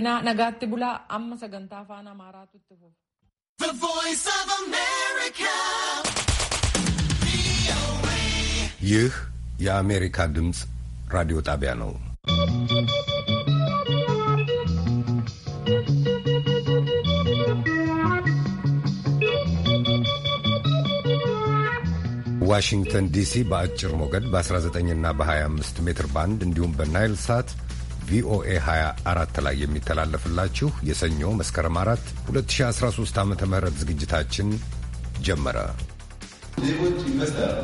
The voice of America. ይህ የአሜሪካ ድምፅ ራዲዮ ጣቢያ ነው። ዋሽንግተን ዲሲ በአጭር ሞገድ በ19 እና በ25 ሜትር ባንድ እንዲሁም በናይል ሳት ቪኦኤ 24 ላይ የሚተላለፍላችሁ የሰኞ መስከረም 4 2013 ዓ ም ዝግጅታችን ጀመረ። ዜጎች ይመስላሉ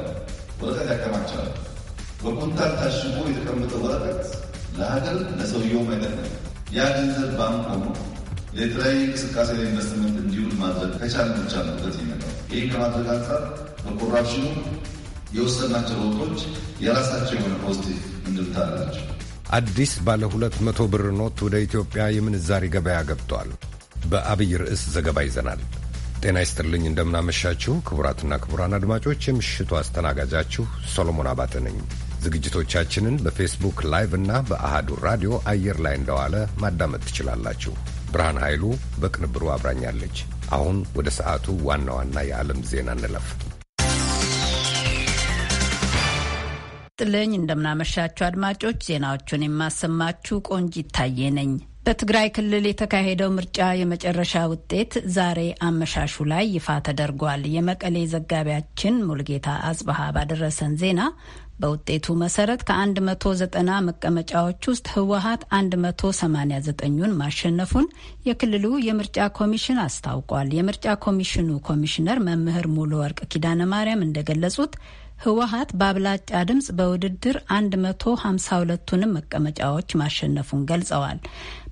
ወረቀት ያከማቻሉ። በኩንታል ታሽጎ የተቀመጠ ወረቀት ለሀገር ለሰውየውም አይደለም። ያ ገንዘብ ባንክ ሆኖ ለተለያየ እንቅስቃሴ ላይ ኢንቨስትመንት እንዲውል ማድረግ ከቻለ ብቻ ነው በት ይመጣው። ይህን ከማድረግ አንጻር በኮራፕሽኑ የወሰናቸው ለውጦች የራሳቸው የሆነ ፖዚቲቭ እንድምታ አላቸው። አዲስ ባለ 200 ብር ኖት ወደ ኢትዮጵያ የምንዛሪ ገበያ ገብቷል። በአብይ ርዕስ ዘገባ ይዘናል። ጤና ይስጥልኝ፣ እንደምናመሻችሁ ክቡራትና ክቡራን አድማጮች የምሽቱ አስተናጋጃችሁ ሶሎሞን አባተ ነኝ። ዝግጅቶቻችንን በፌስቡክ ላይቭ እና በአሃዱ ራዲዮ አየር ላይ እንደዋለ ማዳመጥ ትችላላችሁ። ብርሃን ኃይሉ በቅንብሩ አብራኛለች። አሁን ወደ ሰዓቱ ዋና ዋና የዓለም ዜና እንለፍ። ይስጥልኝ። እንደምናመሻችሁ አድማጮች፣ ዜናዎቹን የማሰማችሁ ቆንጅ ይታየ ነኝ። በትግራይ ክልል የተካሄደው ምርጫ የመጨረሻ ውጤት ዛሬ አመሻሹ ላይ ይፋ ተደርጓል። የመቀሌ ዘጋቢያችን ሙልጌታ አጽብሃ ባደረሰን ዜና በውጤቱ መሰረት ከ190 መቀመጫዎች ውስጥ ህወሀት 189ን ማሸነፉን የክልሉ የምርጫ ኮሚሽን አስታውቋል። የምርጫ ኮሚሽኑ ኮሚሽነር መምህር ሙሉ ወርቅ ኪዳነ ማርያም እንደገለጹት ህወሀት በአብላጫ ድምፅ በውድድር 152ቱንም መቀመጫዎች ማሸነፉን ገልጸዋል።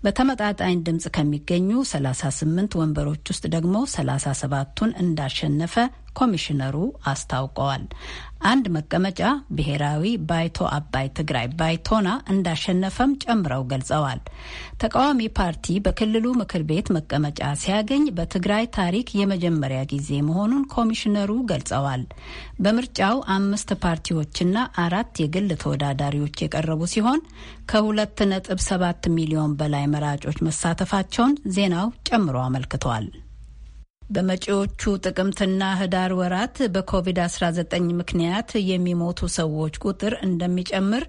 በተመጣጣኝ ድምፅ ከሚገኙ 38 ወንበሮች ውስጥ ደግሞ 37ቱን እንዳሸነፈ ኮሚሽነሩ አስታውቀዋል። አንድ መቀመጫ ብሔራዊ ባይቶ አባይ ትግራይ ባይቶና እንዳሸነፈም ጨምረው ገልጸዋል። ተቃዋሚ ፓርቲ በክልሉ ምክር ቤት መቀመጫ ሲያገኝ በትግራይ ታሪክ የመጀመሪያ ጊዜ መሆኑን ኮሚሽነሩ ገልጸዋል። በምርጫው አምስት ፓርቲዎችና አራት የግል ተወዳዳሪዎች የቀረቡ ሲሆን ከሁለት ነጥብ ሰባት ሚሊዮን በላይ መራጮች መሳተፋቸውን ዜናው ጨምሮ አመልክቷል። በመጪዎቹ ጥቅምትና ህዳር ወራት በኮቪድ-19 ምክንያት የሚሞቱ ሰዎች ቁጥር እንደሚጨምር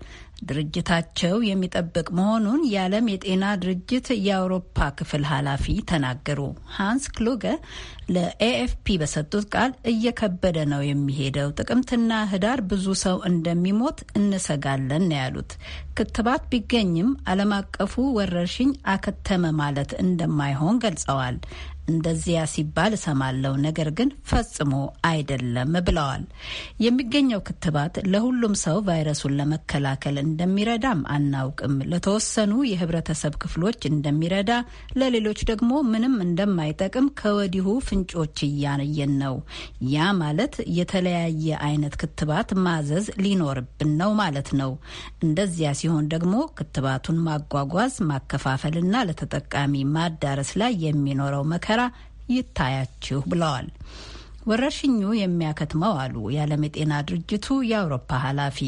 ድርጅታቸው የሚጠብቅ መሆኑን የዓለም የጤና ድርጅት የአውሮፓ ክፍል ኃላፊ ተናገሩ። ሃንስ ክሉገ ለኤኤፍፒ በሰጡት ቃል እየከበደ ነው የሚሄደው፣ ጥቅምትና ህዳር ብዙ ሰው እንደሚሞት እንሰጋለን ነው ያሉት። ክትባት ቢገኝም ዓለም አቀፉ ወረርሽኝ አከተመ ማለት እንደማይሆን ገልጸዋል። እንደዚያ ሲባል እሰማለው፣ ነገር ግን ፈጽሞ አይደለም ብለዋል። የሚገኘው ክትባት ለሁሉም ሰው ቫይረሱን ለመከላከል እንደሚረዳም አናውቅም። ለተወሰኑ የህብረተሰብ ክፍሎች እንደሚረዳ፣ ለሌሎች ደግሞ ምንም እንደማይጠቅም ከወዲሁ ፍንጮች እያየን ነው። ያ ማለት የተለያየ አይነት ክትባት ማዘዝ ሊኖርብን ነው ማለት ነው። እንደዚያ ሲሆን ደግሞ ክትባቱን ማጓጓዝ ማከፋፈልና ለተጠቃሚ ማዳረስ ላይ የሚኖረው መከ ሙከራ ይታያችሁ ብለዋል። ወረርሽኙ የሚያከትመው አሉ የዓለም የጤና ድርጅቱ የአውሮፓ ኃላፊ፣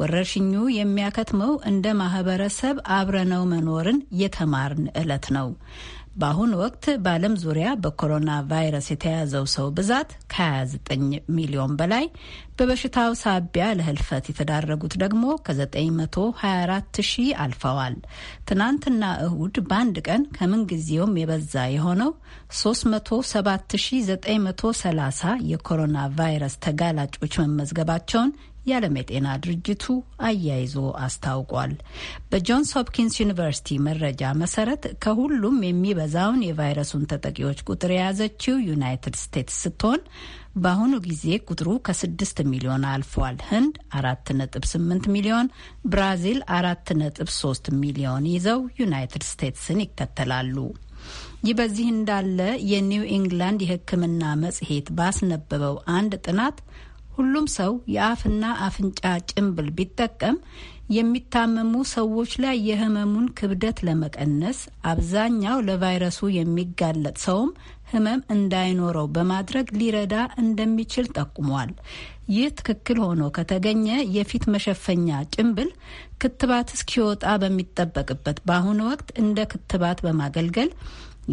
ወረርሽኙ የሚያከትመው እንደ ማህበረሰብ አብረነው መኖርን የተማርን ዕለት ነው። በአሁኑ ወቅት በዓለም ዙሪያ በኮሮና ቫይረስ የተያዘው ሰው ብዛት ከ29 ሚሊዮን በላይ፣ በበሽታው ሳቢያ ለህልፈት የተዳረጉት ደግሞ ከ924 ሺህ አልፈዋል። ትናንትና እሁድ በአንድ ቀን ከምንጊዜውም የበዛ የሆነው ሰላሳ የኮሮና ቫይረስ ተጋላጮች መመዝገባቸውን የዓለም የጤና ድርጅቱ አያይዞ አስታውቋል። በጆንስ ሆፕኪንስ ዩኒቨርሲቲ መረጃ መሰረት ከሁሉም የሚበዛውን የቫይረሱን ተጠቂዎች ቁጥር የያዘችው ዩናይትድ ስቴትስ ስትሆን በአሁኑ ጊዜ ቁጥሩ ከስድስት ሚሊዮን አልፏል። ህንድ አራት ነጥብ ስምንት ሚሊዮን፣ ብራዚል አራት ነጥብ ሶስት ሚሊዮን ይዘው ዩናይትድ ስቴትስን ይከተላሉ። ይህ በዚህ እንዳለ የኒው ኢንግላንድ የሕክምና መጽሔት ባስነበበው አንድ ጥናት ሁሉም ሰው የአፍና አፍንጫ ጭንብል ቢጠቀም የሚታመሙ ሰዎች ላይ የህመሙን ክብደት ለመቀነስ አብዛኛው ለቫይረሱ የሚጋለጥ ሰውም ህመም እንዳይኖረው በማድረግ ሊረዳ እንደሚችል ጠቁሟል። ይህ ትክክል ሆኖ ከተገኘ የፊት መሸፈኛ ጭንብል ክትባት እስኪወጣ በሚጠበቅበት በአሁኑ ወቅት እንደ ክትባት በማገልገል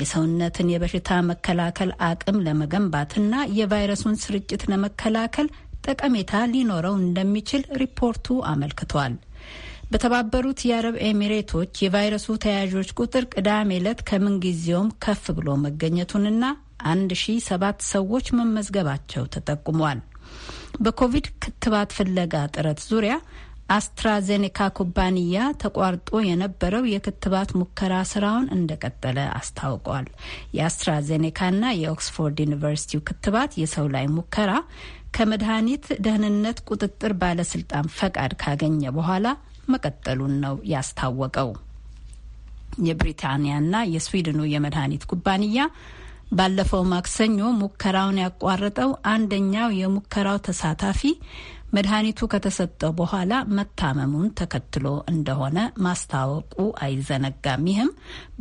የሰውነትን የበሽታ መከላከል አቅም ለመገንባትና የቫይረሱን ስርጭት ለመከላከል ጠቀሜታ ሊኖረው እንደሚችል ሪፖርቱ አመልክቷል። በተባበሩት የአረብ ኤሚሬቶች የቫይረሱ ተያያዦች ቁጥር ቅዳሜ ዕለት ከምንጊዜውም ከፍ ብሎ መገኘቱንና አንድ ሺ ሰባት ሰዎች መመዝገባቸው ተጠቁሟል። በኮቪድ ክትባት ፍለጋ ጥረት ዙሪያ አስትራዜኔካ ኩባንያ ተቋርጦ የነበረው የክትባት ሙከራ ስራውን እንደቀጠለ አስታውቋል። የአስትራዜኔካና የኦክስፎርድ ዩኒቨርሲቲው ክትባት የሰው ላይ ሙከራ ከመድኃኒት ደህንነት ቁጥጥር ባለስልጣን ፈቃድ ካገኘ በኋላ መቀጠሉን ነው ያስታወቀው። የብሪታንያና የስዊድኑ የመድኃኒት ኩባንያ ባለፈው ማክሰኞ ሙከራውን ያቋረጠው አንደኛው የሙከራው ተሳታፊ መድኃኒቱ ከተሰጠ በኋላ መታመሙን ተከትሎ እንደሆነ ማስታወቁ አይዘነጋም። ይህም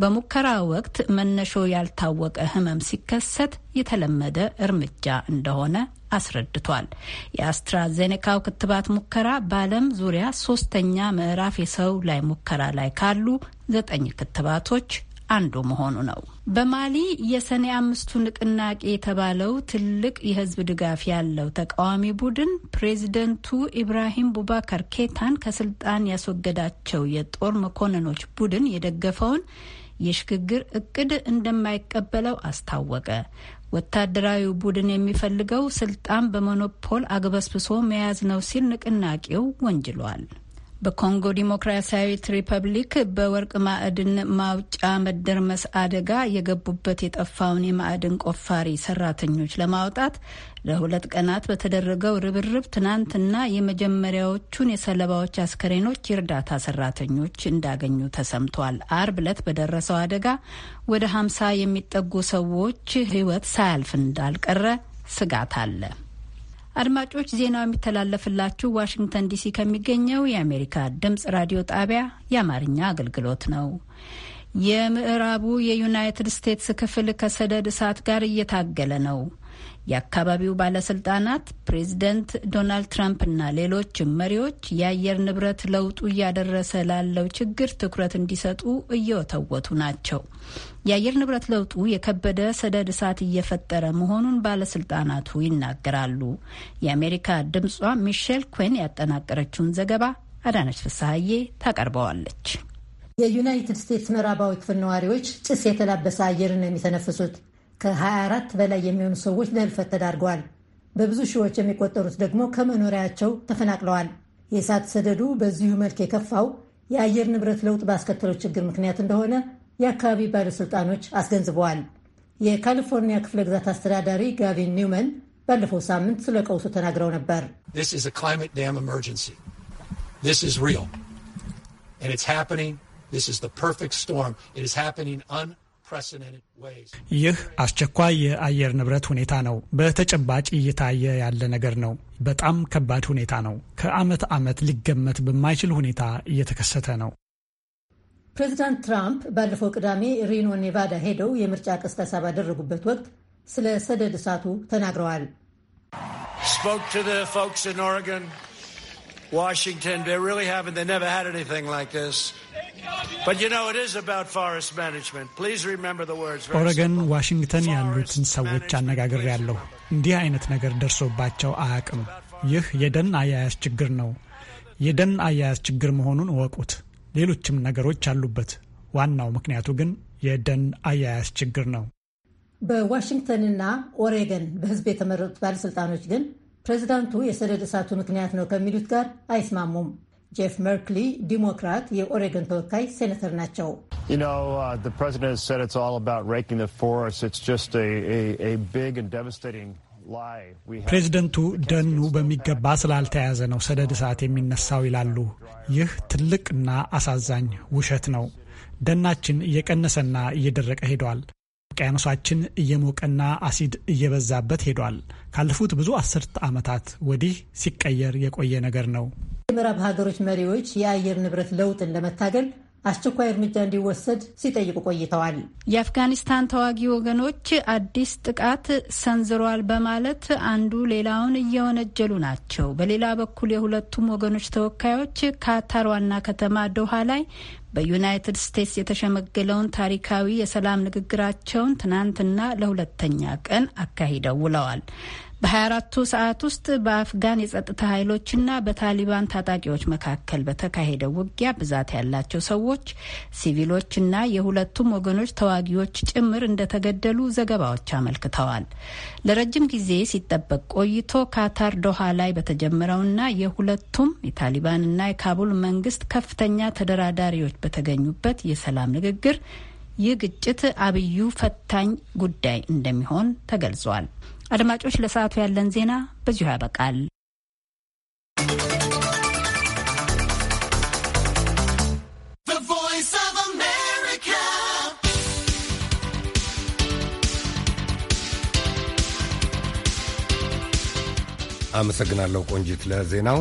በሙከራ ወቅት መነሾ ያልታወቀ ህመም ሲከሰት የተለመደ እርምጃ እንደሆነ አስረድቷል። የአስትራዜኔካው ክትባት ሙከራ በዓለም ዙሪያ ሶስተኛ ምዕራፍ የሰው ላይ ሙከራ ላይ ካሉ ዘጠኝ ክትባቶች አንዱ መሆኑ ነው። በማሊ የሰኔ አምስቱ ንቅናቄ የተባለው ትልቅ የህዝብ ድጋፍ ያለው ተቃዋሚ ቡድን ፕሬዚደንቱ ኢብራሂም ቡባከር ኬታን ከስልጣን ያስወገዳቸው የጦር መኮንኖች ቡድን የደገፈውን የሽግግር እቅድ እንደማይቀበለው አስታወቀ። ወታደራዊ ቡድን የሚፈልገው ስልጣን በሞኖፖል አግበስብሶ መያዝ ነው ሲል ንቅናቄው ወንጅሏል። በኮንጎ ዲሞክራሲያዊት ሪፐብሊክ በወርቅ ማዕድን ማውጫ መደርመስ አደጋ የገቡበት የጠፋውን የማዕድን ቆፋሪ ሰራተኞች ለማውጣት ለሁለት ቀናት በተደረገው ርብርብ ትናንትና የመጀመሪያዎቹን የሰለባዎች አስከሬኖች የእርዳታ ሰራተኞች እንዳገኙ ተሰምቷል። አርብ ዕለት በደረሰው አደጋ ወደ ሀምሳ የሚጠጉ ሰዎች ሕይወት ሳያልፍ እንዳልቀረ ስጋት አለ። አድማጮች ዜናው የሚተላለፍላችሁ ዋሽንግተን ዲሲ ከሚገኘው የአሜሪካ ድምጽ ራዲዮ ጣቢያ የአማርኛ አገልግሎት ነው። የምዕራቡ የዩናይትድ ስቴትስ ክፍል ከሰደድ እሳት ጋር እየታገለ ነው። የአካባቢው ባለስልጣናት ፕሬዝደንት ዶናልድ ትራምፕና ሌሎችም መሪዎች የአየር ንብረት ለውጡ እያደረሰ ላለው ችግር ትኩረት እንዲሰጡ እየወተወቱ ናቸው። የአየር ንብረት ለውጡ የከበደ ሰደድ እሳት እየፈጠረ መሆኑን ባለስልጣናቱ ይናገራሉ። የአሜሪካ ድምጿ ሚሼል ኩዌን ያጠናቀረችውን ዘገባ አዳነች ፍስሐዬ ታቀርበዋለች። የዩናይትድ ስቴትስ ምዕራባዊ ክፍል ነዋሪዎች ጭስ የተላበሰ አየርን የሚተነፍሱት። ከ24 በላይ የሚሆኑ ሰዎች ለህልፈት ተዳርገዋል። በብዙ ሺዎች የሚቆጠሩት ደግሞ ከመኖሪያቸው ተፈናቅለዋል። የእሳት ሰደዱ በዚሁ መልክ የከፋው የአየር ንብረት ለውጥ ባስከተለው ችግር ምክንያት እንደሆነ የአካባቢ ባለሥልጣኖች አስገንዝበዋል። የካሊፎርኒያ ክፍለ ግዛት አስተዳዳሪ ጋቪን ኒውመን ባለፈው ሳምንት ስለ ቀውሱ ተናግረው ነበር። ይህ አስቸኳይ የአየር ንብረት ሁኔታ ነው። በተጨባጭ እየታየ ያለ ነገር ነው። በጣም ከባድ ሁኔታ ነው። ከዓመት ዓመት ሊገመት በማይችል ሁኔታ እየተከሰተ ነው። ፕሬዚዳንት ትራምፕ ባለፈው ቅዳሜ ሪኖ ኔቫዳ ሄደው የምርጫ ቅስቀሳ ባደረጉበት ወቅት ስለ ሰደድ እሳቱ ተናግረዋል። Washington. They really haven't. They never had anything like this. ኦረገን ዋሽንግተን ያሉትን ሰዎች አነጋግሬያለሁ። እንዲህ አይነት ነገር ደርሶባቸው አያውቅም። ይህ የደን አያያዝ ችግር ነው። የደን አያያዝ ችግር መሆኑን እወቁት። ሌሎችም ነገሮች አሉበት። ዋናው ምክንያቱ ግን የደን አያያዝ ችግር ነው። በዋሽንግተንና ኦሬገን በህዝብ የተመረጡት ባለስልጣኖች ግን ፕሬዚዳንቱ የሰደድ እሳቱ ምክንያት ነው ከሚሉት ጋር አይስማሙም። ጄፍ መርክሊ ዲሞክራት የኦሬገን ተወካይ ሴኔተር ናቸው። uh, ፕሬዚደንቱ ደኑ በሚገባ ስላልተያዘ ነው ሰደድ እሳት የሚነሳው ይላሉ። ይህ ትልቅና አሳዛኝ ውሸት ነው። ደናችን እየቀነሰና እየደረቀ ሄዷል። ውቅያኖሳችን እየሞቀና አሲድ እየበዛበት ሄዷል። ካለፉት ብዙ አስርት ዓመታት ወዲህ ሲቀየር የቆየ ነገር ነው። የምዕራብ ሀገሮች መሪዎች የአየር ንብረት ለውጥን ለመታገል አስቸኳይ እርምጃ እንዲወሰድ ሲጠይቁ ቆይተዋል። የአፍጋኒስታን ተዋጊ ወገኖች አዲስ ጥቃት ሰንዝሯል በማለት አንዱ ሌላውን እየወነጀሉ ናቸው። በሌላ በኩል የሁለቱም ወገኖች ተወካዮች ካታር ዋና ከተማ ዶሃ ላይ በዩናይትድ ስቴትስ የተሸመገለውን ታሪካዊ የሰላም ንግግራቸውን ትናንትና ለሁለተኛ ቀን አካሂደው ውለዋል። በ24ቱ ሰዓት ውስጥ በአፍጋን የጸጥታ ኃይሎችና በታሊባን ታጣቂዎች መካከል በተካሄደው ውጊያ ብዛት ያላቸው ሰዎች፣ ሲቪሎችና የሁለቱም ወገኖች ተዋጊዎች ጭምር እንደተገደሉ ዘገባዎች አመልክተዋል። ለረጅም ጊዜ ሲጠበቅ ቆይቶ ካታር ዶሃ ላይ በተጀመረውና የሁለቱም የታሊባንና የካቡል መንግስት ከፍተኛ ተደራዳሪዎች በተገኙበት የሰላም ንግግር ይህ ግጭት አብዩ ፈታኝ ጉዳይ እንደሚሆን ተገልጿል። አድማጮች፣ ለሰዓቱ ያለን ዜና በዚሁ ያበቃል። አመሰግናለሁ ቆንጂት ለዜናው።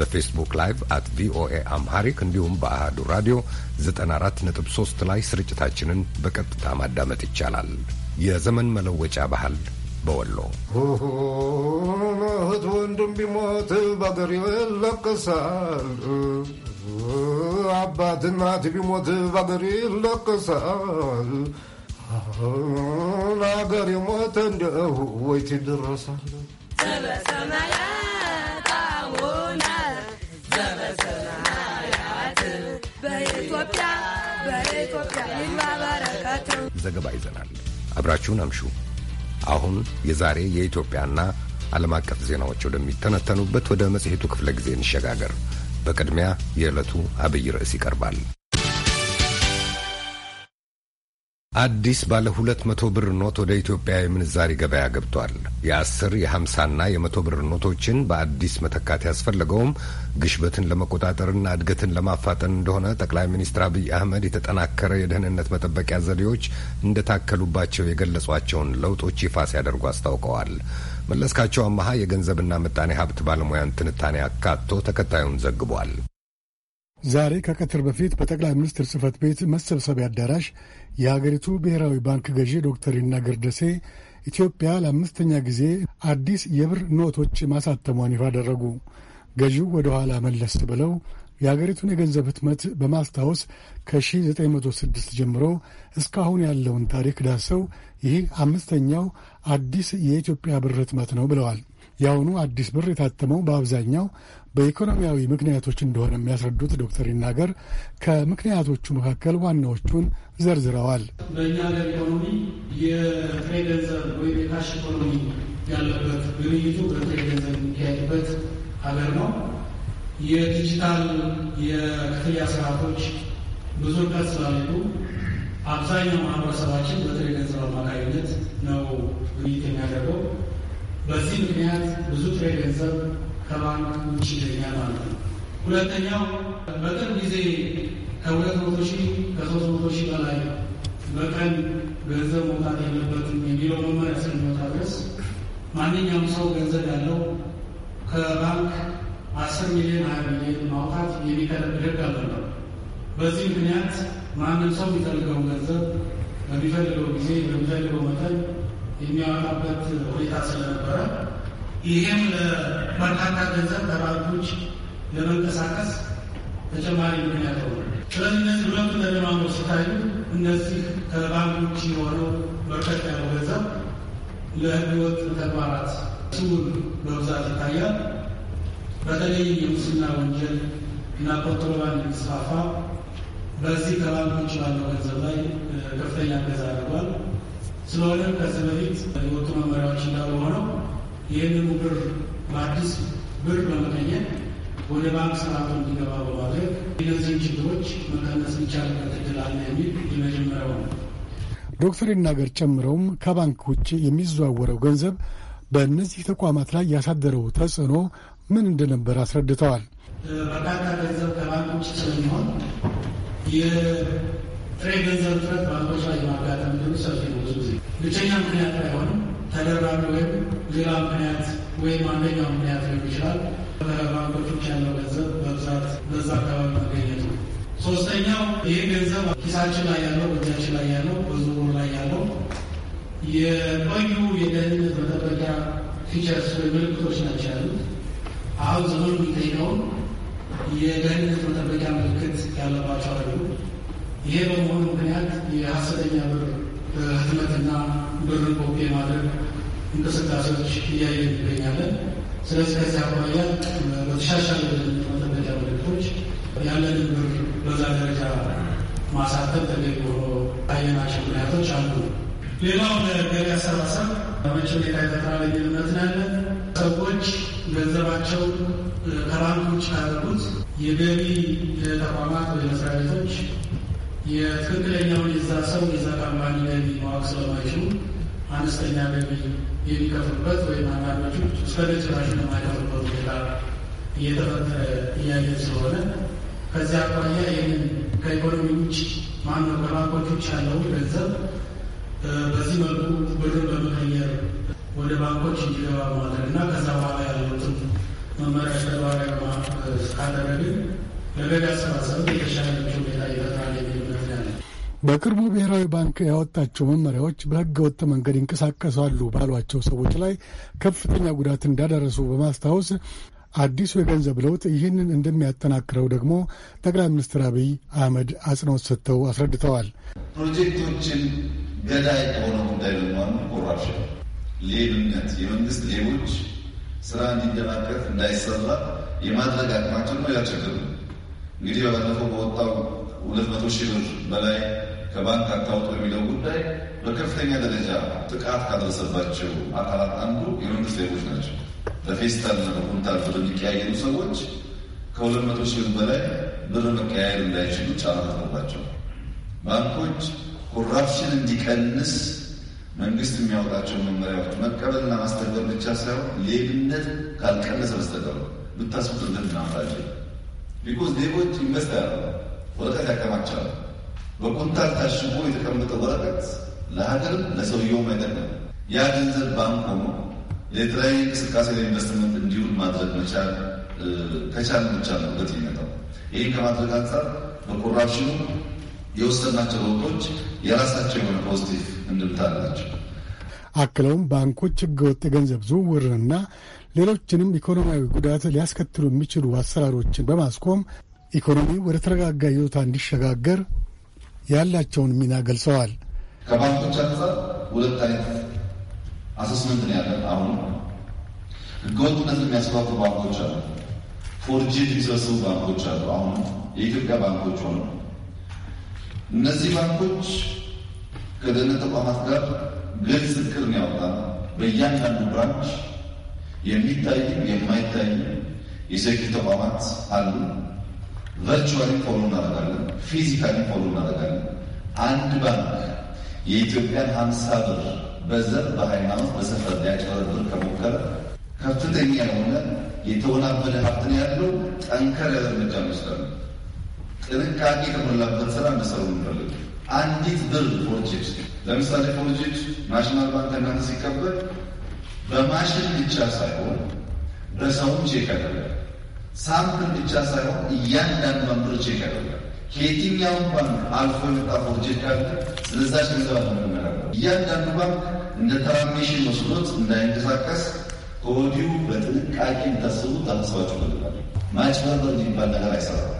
በፌስቡክ ላይቭ አት ቪኦኤ አምሃሪክ እንዲሁም በአህዱ ራዲዮ 94.3 ላይ ስርጭታችንን በቀጥታ ማዳመጥ ይቻላል። የዘመን መለወጫ ባህል በወሎ እህት ወንድም ቢሞት በአገሬው ይለቅሳል። አባት እናት ቢሞት በአገሬው ይለቅሳል። አገሬ ሞተ እንደሁ ወይት ይደረሳል ዘገባ ይዘናል። አብራችሁን አምሹ። አሁን የዛሬ የኢትዮጵያና ዓለም አቀፍ ዜናዎች ወደሚተነተኑበት ወደ መጽሔቱ ክፍለ ጊዜ እንሸጋገር። በቅድሚያ የዕለቱ አብይ ርዕስ ይቀርባል። አዲስ ባለ ሁለት መቶ ብር ኖት ወደ ኢትዮጵያ የምንዛሪ ገበያ ገብቷል። የአስር የሀምሳና የመቶ ብር ኖቶችን በአዲስ መተካት ያስፈለገውም ግሽበትን ለመቆጣጠርና እድገትን ለማፋጠን እንደሆነ ጠቅላይ ሚኒስትር አብይ አህመድ የተጠናከረ የደህንነት መጠበቂያ ዘዴዎች እንደታከሉባቸው የገለጿቸውን ለውጦች ይፋ ሲያደርጉ አስታውቀዋል። መለስካቸው አመሀ የገንዘብና ምጣኔ ሀብት ባለሙያን ትንታኔ አካቶ ተከታዩን ዘግቧል። ዛሬ ከቀትር በፊት በጠቅላይ ሚኒስትር ጽህፈት ቤት መሰብሰቢያ አዳራሽ የሀገሪቱ ብሔራዊ ባንክ ገዢ ዶክተር ይናገር ደሴ ኢትዮጵያ ለአምስተኛ ጊዜ አዲስ የብር ኖቶች ማሳተሟን ይፋ አደረጉ። ገዢው ወደ ኋላ መለስ ብለው የሀገሪቱን የገንዘብ ህትመት በማስታወስ ከ1906 ጀምሮ እስካሁን ያለውን ታሪክ ዳሰው ይህ አምስተኛው አዲስ የኢትዮጵያ ብር ህትመት ነው ብለዋል። የአሁኑ አዲስ ብር የታተመው በአብዛኛው በኢኮኖሚያዊ ምክንያቶች እንደሆነ የሚያስረዱት ዶክተር ይናገር ከምክንያቶቹ መካከል ዋናዎቹን ዘርዝረዋል። በእኛ ሀገር ኢኮኖሚ የጥሬ ገንዘብ ወይም የካሽ ኢኮኖሚ ያለበት ግብይቱ በጥሬ ገንዘብ የሚካሄድበት ሀገር ነው። የዲጂታል የክፍያ ስርዓቶች ብዙ ርቀት ስላሉ አብዛኛው ማህበረሰባችን በጥሬ ገንዘብ አማካኝነት ነው ግብይት የሚያደርገው። በዚህ ምክንያት ብዙ ጥሬ ገንዘብ ከባንክ ውጭ ይገኛል ማለት ነው። ሁለተኛው በቅርብ ጊዜ ከሁለት መቶ ሺህ ከሶስት መቶ ሺህ በላይ በቀን ገንዘብ መውጣት የለበትም የሚለው መመሪያ እስከሚወጣ ድረስ ማንኛውም ሰው ገንዘብ ያለው ከባንክ አስር ሚሊዮን ሀያ ሚሊዮን ማውጣት የሚከለክል ሕግ አልነበረም። በዚህ ምክንያት ማንም ሰው የሚፈልገውን ገንዘብ በሚፈልገው ጊዜ በሚፈልገው መጠን የሚያወጣበት ሁኔታ ስለነበረ ይህም ለበርካታ ገንዘብ ተራጆች ለመንቀሳቀስ ተጨማሪ ምክንያት ሆነ። ስለዚህ እነዚህ ሁለቱ ለልማኖች ሲታዩ እነዚህ ከባንኮች የሆነው በርከት ያለው ገንዘብ ለህገወጥ ተግባራት ስውል በብዛት ይታያል። በተለይ የሙስና ወንጀል እና ኮንትሮባንድ እንዲስፋፋ በዚህ ከባንኮች ባለው ገንዘብ ላይ ከፍተኛ ገዛ አድርጓል። ስለሆነ ከዚህ በፊት የወጡ መመሪያዎች እንዳሉ ሆነው ይህንኑ ብር በአዲስ ብር በመቀየር ወደ ባንክ ስርዓቱ እንዲገባ በማድረግ እነዚህን ችግሮች መቀነስ ይቻልበት እድል አለ የሚል የመጀመሪያው ነው። ዶክተር ይናገር ጨምረውም ከባንክ ውጭ የሚዘዋወረው ገንዘብ በእነዚህ ተቋማት ላይ ያሳደረው ተጽዕኖ ምን እንደነበር አስረድተዋል። በርካታ ገንዘብ ከባንክ ውጭ ስለሚሆን የጥሬ ገንዘብ እጥረት ባንኮች ላይ ማጋጠም ሰፊ ነው። ብቸኛ ምክንያት ባይሆንም ተደራቢ ወይም ሌላ ምክንያት ወይም አንደኛው ምክንያት ሊሆን ይችላል። በባንኮች ያለው ገንዘብ በብዛት በዛ አካባቢ መገኘት ነው። ሶስተኛው ይህ ገንዘብ ኪሳችን ላይ ያለው በእጃችን ላይ ያለው በዝውውር ላይ ያለው የቆዩ የደህንነት መጠበቂያ ፊቸርስ ወይም ምልክቶች ናቸው ያሉት። አሁን ዘመኑ የሚጠይቀውን የደህንነት መጠበቂያ ምልክት ያለባቸው አሉ። ይሄ በመሆኑ ምክንያት የሀሰተኛ ብር ህትመትና ብር ኮፒ ማድረግ እንቅስቃሴዎች እያየ ይገኛለን። ስለዚህ ከዚህ አኳያ በተሻሻለ መተንበጃ መልክቶች ያለን ብር በዛ ደረጃ ማሳተፍ ተገቢ ሆኖ ካየናቸው ምክንያቶች አንዱ ነው። ሌላው ገቢ አሰባሰብ በመቼም ሁኔታ የተጠራለኝ እምነት ነው ያለን ሰዎች ገንዘባቸው ከባንኮች ካደረጉት የገቢ ተቋማት ወይ መስሪያ ቤቶች የትክክለኛውን የዛ ሰው የዛ ካምፓኒ ገቢ ማወቅ ስለማይችሉ አነስተኛ ገቢ የሚከፍሉበት ወይም አንዳንዶቹ እስከ ጭራሽ የማይከፍሉበት ሁኔታ እየተፈጠረ እያየ ስለሆነ ከዚያ አኳያ ይህንን ከኢኮኖሚ ውጭ ማን ከባንኮች ውጭ ያለውን ገንዘብ በዚህ መልኩ ብርን በመቀየር ወደ ባንኮች እንዲገባ ማድረግ እና ከዛ በኋላ ያለትን መመሪያ ተግባራዊ ካደረግን ለገቢ አሰባሰብ የተሻለ ሁኔታ ይፈጥራል። በቅርቡ ብሔራዊ ባንክ ያወጣቸው መመሪያዎች በሕገ ወጥ መንገድ ይንቀሳቀሳሉ ባሏቸው ሰዎች ላይ ከፍተኛ ጉዳት እንዳደረሱ በማስታወስ አዲሱ የገንዘብ ለውጥ ይህንን እንደሚያጠናክረው ደግሞ ጠቅላይ ሚኒስትር አብይ አህመድ አጽንኦት ሰጥተው አስረድተዋል። ፕሮጀክቶችን ገዳይ ከሆነ ጉዳይ በመሆኑ ኮራፕሽን፣ ሌብነት የመንግስት ሌቦች ስራ እንዲደናቀፍ እንዳይሰራ የማድረግ አቅማቸው ነው ያቸግሩ እንግዲህ በባለፈው በወጣው ሁለት መቶ ሺህ ብር በላይ ከባንክ አታውጡ የሚለው ጉዳይ በከፍተኛ ደረጃ ጥቃት ካደረሰባቸው አካላት አንዱ የመንግስት ዜጎች ናቸው። በፌስታል እና በኩንታል ብር የሚቀያየሩ ሰዎች ከሁለት መቶ ሺህ በላይ ብር መቀያየር እንዳይችሉ ጫና ተጥሎባቸው ባንኮች ኮራፕሽን እንዲቀንስ መንግስት የሚያወጣቸው መመሪያዎች መቀበልና ማስተግበር ብቻ ሳይሆን ሌብነት ካልቀነሰ በስተቀር ብታስቡት እንደምናምራቸው ቢኮዝ ዜጎች ኢንቨስት ያደርጋል፣ ወረቀት ያከማቻል በኮንታክት ታሽጎ የተቀመጠው ወረቀት ለሀገርም ለሰውየውም አይጠቅምም። ያ ገንዘብ ባንክ ሆኖ የተለያየ እንቅስቃሴ ላይ ኢንቨስትመንት እንዲሁን ማድረግ መቻል ከቻል መቻል ነውበት ይመጣው። ይህን ከማድረግ አንጻር በኮራፕሽኑ የወሰናቸው ለውጦች የራሳቸው የሆነ ፖዚቲቭ እንድምታ አላቸው። አክለውም ባንኮች ህገወጥ የገንዘብ ዝውውርንና ሌሎችንም ኢኮኖሚያዊ ጉዳት ሊያስከትሉ የሚችሉ አሰራሮችን በማስቆም ኢኮኖሚ ወደ ተረጋጋ ይዞታ እንዲሸጋገር ያላቸውን ሚና ገልጸዋል። ከባንኮች አንጻር ሁለት አይነት አሰስመንት ነው ያለን። አሁን ህገወጥነት የሚያስፋፉ ባንኮች አሉ፣ ፎርጂ የሚሰበስቡ ባንኮች አሉ። አሁን የኢትዮጵያ ባንኮች ሆኑ እነዚህ ባንኮች ከደህንነት ተቋማት ጋር ግልጽ እቅድ ነው ያወጣ በእያንዳንዱ ብራንች የሚታይ የማይታይ የሴኪ ተቋማት አሉ ቨርቹዋሊ ፎሎ እናደርጋለን፣ ፊዚካሊ ፎሎ እናደርጋለን። አንድ ባንክ የኢትዮጵያን ሀምሳ ብር በዘር በሃይማኖት በሰፈር ሊያጭበረብር ከሞከረ ከፍተኛ የሆነ የተወላበደ ሀብትን ነው ያለው። ጠንከር ያለ እርምጃ ይወስዳሉ። ጥንቃቄ የተሞላበት ስራ መሰሩ እንፈልግ። አንዲት ብር ፕሮጀክት ለምሳሌ ፕሮጀክት ናሽናል ባንክ እናንተ ሲቀበል በማሽን ብቻ ሳይሆን በሰውም ቼክ ያደርጋል። ሳምፕል ብቻ ሳይሆን እያንዳንዱ መምሮች ይቀርባል። ከየትኛው ባንክ አልፎ የመጣ ፕሮጀክት ካለ ስለዛች ገንዘብ ምንመረ እያንዳንዱ ባንክ እንደ ተራሚሽን መስሎት እንዳይንቀሳቀስ ከወዲሁ በጥንቃቄ እንታስቡ ታስባችሁ ፈልጋል። ማጭበርበር የሚባል ነገር አይሰራም።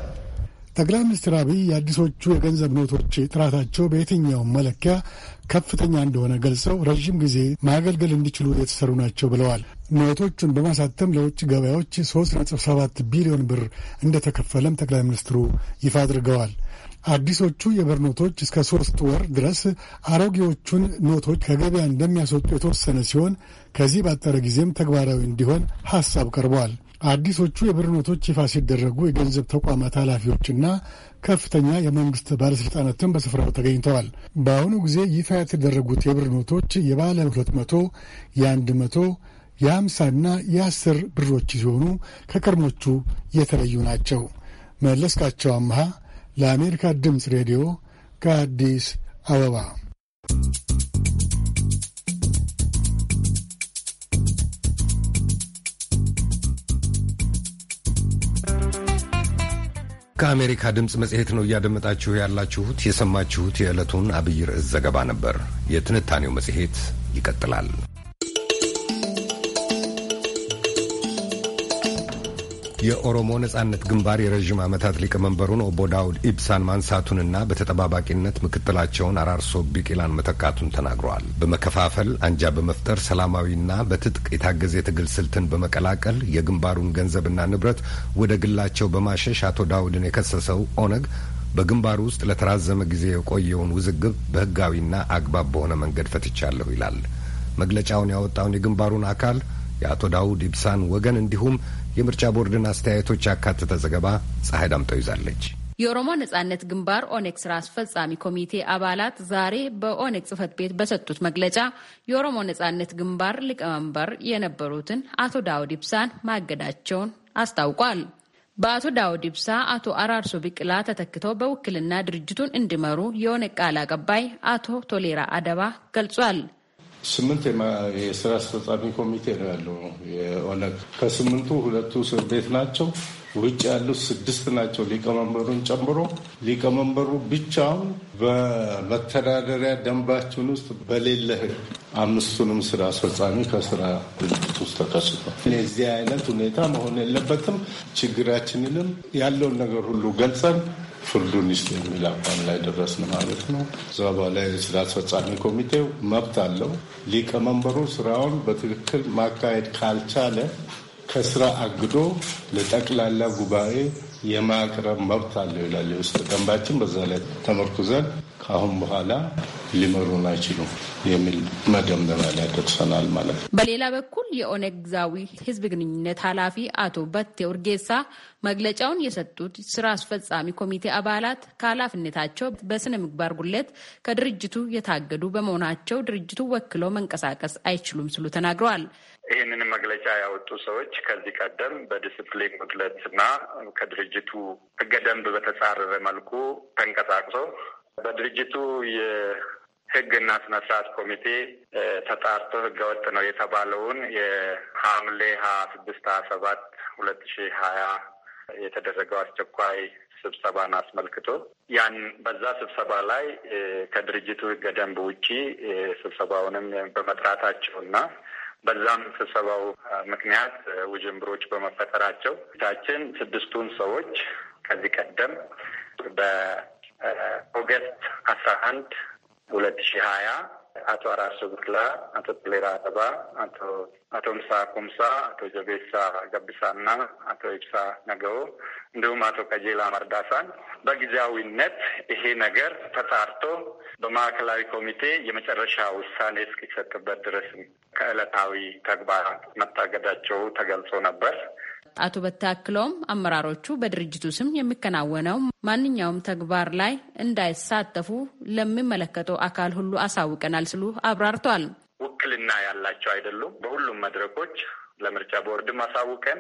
ጠቅላይ ሚኒስትር አብይ የአዲሶቹ የገንዘብ ኖቶች ጥራታቸው በየትኛውም መለኪያ ከፍተኛ እንደሆነ ገልጸው ረዥም ጊዜ ማገልገል እንዲችሉ የተሰሩ ናቸው ብለዋል። ኖቶቹን በማሳተም ለውጭ ገበያዎች 3.7 ቢሊዮን ብር እንደተከፈለም ጠቅላይ ሚኒስትሩ ይፋ አድርገዋል። አዲሶቹ የብር ኖቶች እስከ ሶስት ወር ድረስ አሮጌዎቹን ኖቶች ከገበያ እንደሚያስወጡ የተወሰነ ሲሆን ከዚህ ባጠረ ጊዜም ተግባራዊ እንዲሆን ሀሳብ ቀርቧል? አዲሶቹ የብር ኖቶች ይፋ ሲደረጉ የገንዘብ ተቋማት ኃላፊዎችና ከፍተኛ የመንግስት ባለሥልጣናትን በስፍራው ተገኝተዋል። በአሁኑ ጊዜ ይፋ የተደረጉት የብር ኖቶች የባለ 200 የአንድ መቶ የ50ና የ10 ብሮች ሲሆኑ ከቀድሞቹ የተለዩ ናቸው። መለስካቸው አምሃ ለአሜሪካ ድምፅ ሬዲዮ ከአዲስ አበባ። ከአሜሪካ ድምፅ መጽሔት ነው እያደመጣችሁ ያላችሁት። የሰማችሁት የዕለቱን አብይ ርዕስ ዘገባ ነበር። የትንታኔው መጽሔት ይቀጥላል። የኦሮሞ ነጻነት ግንባር የረዥም ዓመታት ሊቀመንበሩን ኦቦ ዳውድ ኢብሳን ማንሳቱንና በተጠባባቂነት ምክትላቸውን አራርሶ ቢቂላን መተካቱን ተናግረዋል። በመከፋፈል አንጃ በመፍጠር ሰላማዊና በትጥቅ የታገዘ የትግል ስልትን በመቀላቀል የግንባሩን ገንዘብና ንብረት ወደ ግላቸው በማሸሽ አቶ ዳውድን የከሰሰው ኦነግ በግንባሩ ውስጥ ለተራዘመ ጊዜ የቆየውን ውዝግብ በህጋዊና አግባብ በሆነ መንገድ ፈትቻለሁ ይላል። መግለጫውን ያወጣውን የግንባሩን አካል የአቶ ዳውድ ኢብሳን ወገን እንዲሁም የምርጫ ቦርድን አስተያየቶች ያካተተ ዘገባ ፀሐይ ዳምጠው ይዛለች። የኦሮሞ ነጻነት ግንባር ኦነግ ስራ አስፈጻሚ ኮሚቴ አባላት ዛሬ በኦነግ ጽህፈት ቤት በሰጡት መግለጫ የኦሮሞ ነጻነት ግንባር ሊቀመንበር የነበሩትን አቶ ዳውድ ኢብሳን ማገዳቸውን አስታውቋል። በአቶ ዳውድ ኢብሳ አቶ አራርሶ ቢቅላ ተተክተው በውክልና ድርጅቱን እንዲመሩ የኦነግ ቃል አቀባይ አቶ ቶሌራ አደባ ገልጿል። ስምንት የስራ አስፈጻሚ ኮሚቴ ነው ያለው የኦነግ። ከስምንቱ ሁለቱ እስር ቤት ናቸው። ውጭ ያሉት ስድስት ናቸው፣ ሊቀመንበሩን ጨምሮ። ሊቀመንበሩ ብቻውን በመተዳደሪያ ደንባችን ውስጥ በሌለ ሕግ አምስቱንም ስራ አስፈጻሚ ከስራ ድርጅት ውስጥ ተከስቷል። የዚህ አይነት ሁኔታ መሆን የለበትም። ችግራችንንም ያለውን ነገር ሁሉ ገልጸን ፍርዱን ይስጥ የሚል አቋም ላይ ደረስን ማለት ነው። እዛ በኋላ የስራ አስፈጻሚ ኮሚቴው መብት አለው። ሊቀመንበሩ ስራውን በትክክል ማካሄድ ካልቻለ ከስራ አግዶ ለጠቅላላ ጉባኤ የማቅረብ መብት አለው ይላል የውስጥ ደንባችን። በዛ ላይ ተመርኩዘን ከአሁን በኋላ ሊመሩን አይችሉም የሚል መደምደሚያ ላይ ደርሰናል ማለት ነው። በሌላ በኩል የኦነግ ዛዊ ህዝብ ግንኙነት ኃላፊ አቶ በቴ ኡርጌሳ መግለጫውን የሰጡት ስራ አስፈጻሚ ኮሚቴ አባላት ከኃላፊነታቸው በስነ ምግባር ጉለት ከድርጅቱ የታገዱ በመሆናቸው ድርጅቱ ወክለው መንቀሳቀስ አይችሉም ሲሉ ተናግረዋል። ይህንን መግለጫ ያወጡ ሰዎች ከዚህ ቀደም በዲስፕሊን ጉድለትና ከድርጅቱ ህገ ደንብ በተጻረረ መልኩ ተንቀሳቅሶ በድርጅቱ የሕግና ስነስርዓት ኮሚቴ ተጣርቶ ህገወጥ ነው የተባለውን የሐምሌ ሀያ ስድስት ሀያ ሰባት ሁለት ሺ ሀያ የተደረገው አስቸኳይ ስብሰባን አስመልክቶ ያን በዛ ስብሰባ ላይ ከድርጅቱ ህገ ደንብ ውጪ ስብሰባውንም በመጥራታቸው እና በዛም ስብሰባው ምክንያት ውዥንብሮች በመፈጠራቸው ታችን ስድስቱን ሰዎች ከዚህ ቀደም በኦገስት አስራ አንድ ሁለት ሺህ ሀያ አቶ አራርሱ ብክላ፣ አቶ ጥሌራ አበባ፣ አቶ አቶ ምሳ ኩምሳ፣ አቶ ጀቤሳ ገብሳና አቶ ኢብሳ ነገው እንዲሁም አቶ ቀጀላ መርዳሳን በጊዜያዊነት ይሄ ነገር ተጣርቶ በማዕከላዊ ኮሚቴ የመጨረሻ ውሳኔ እስኪሰጥበት ድረስ ከዕለታዊ ተግባራት መታገዳቸው ተገልጾ ነበር። አቶ በታ አክለውም አመራሮቹ በድርጅቱ ስም የሚከናወነው ማንኛውም ተግባር ላይ እንዳይሳተፉ ለሚመለከተው አካል ሁሉ አሳውቀናል ሲሉ አብራርተዋል። ውክልና ያላቸው አይደሉም። በሁሉም መድረኮች ለምርጫ ቦርድም አሳውቀን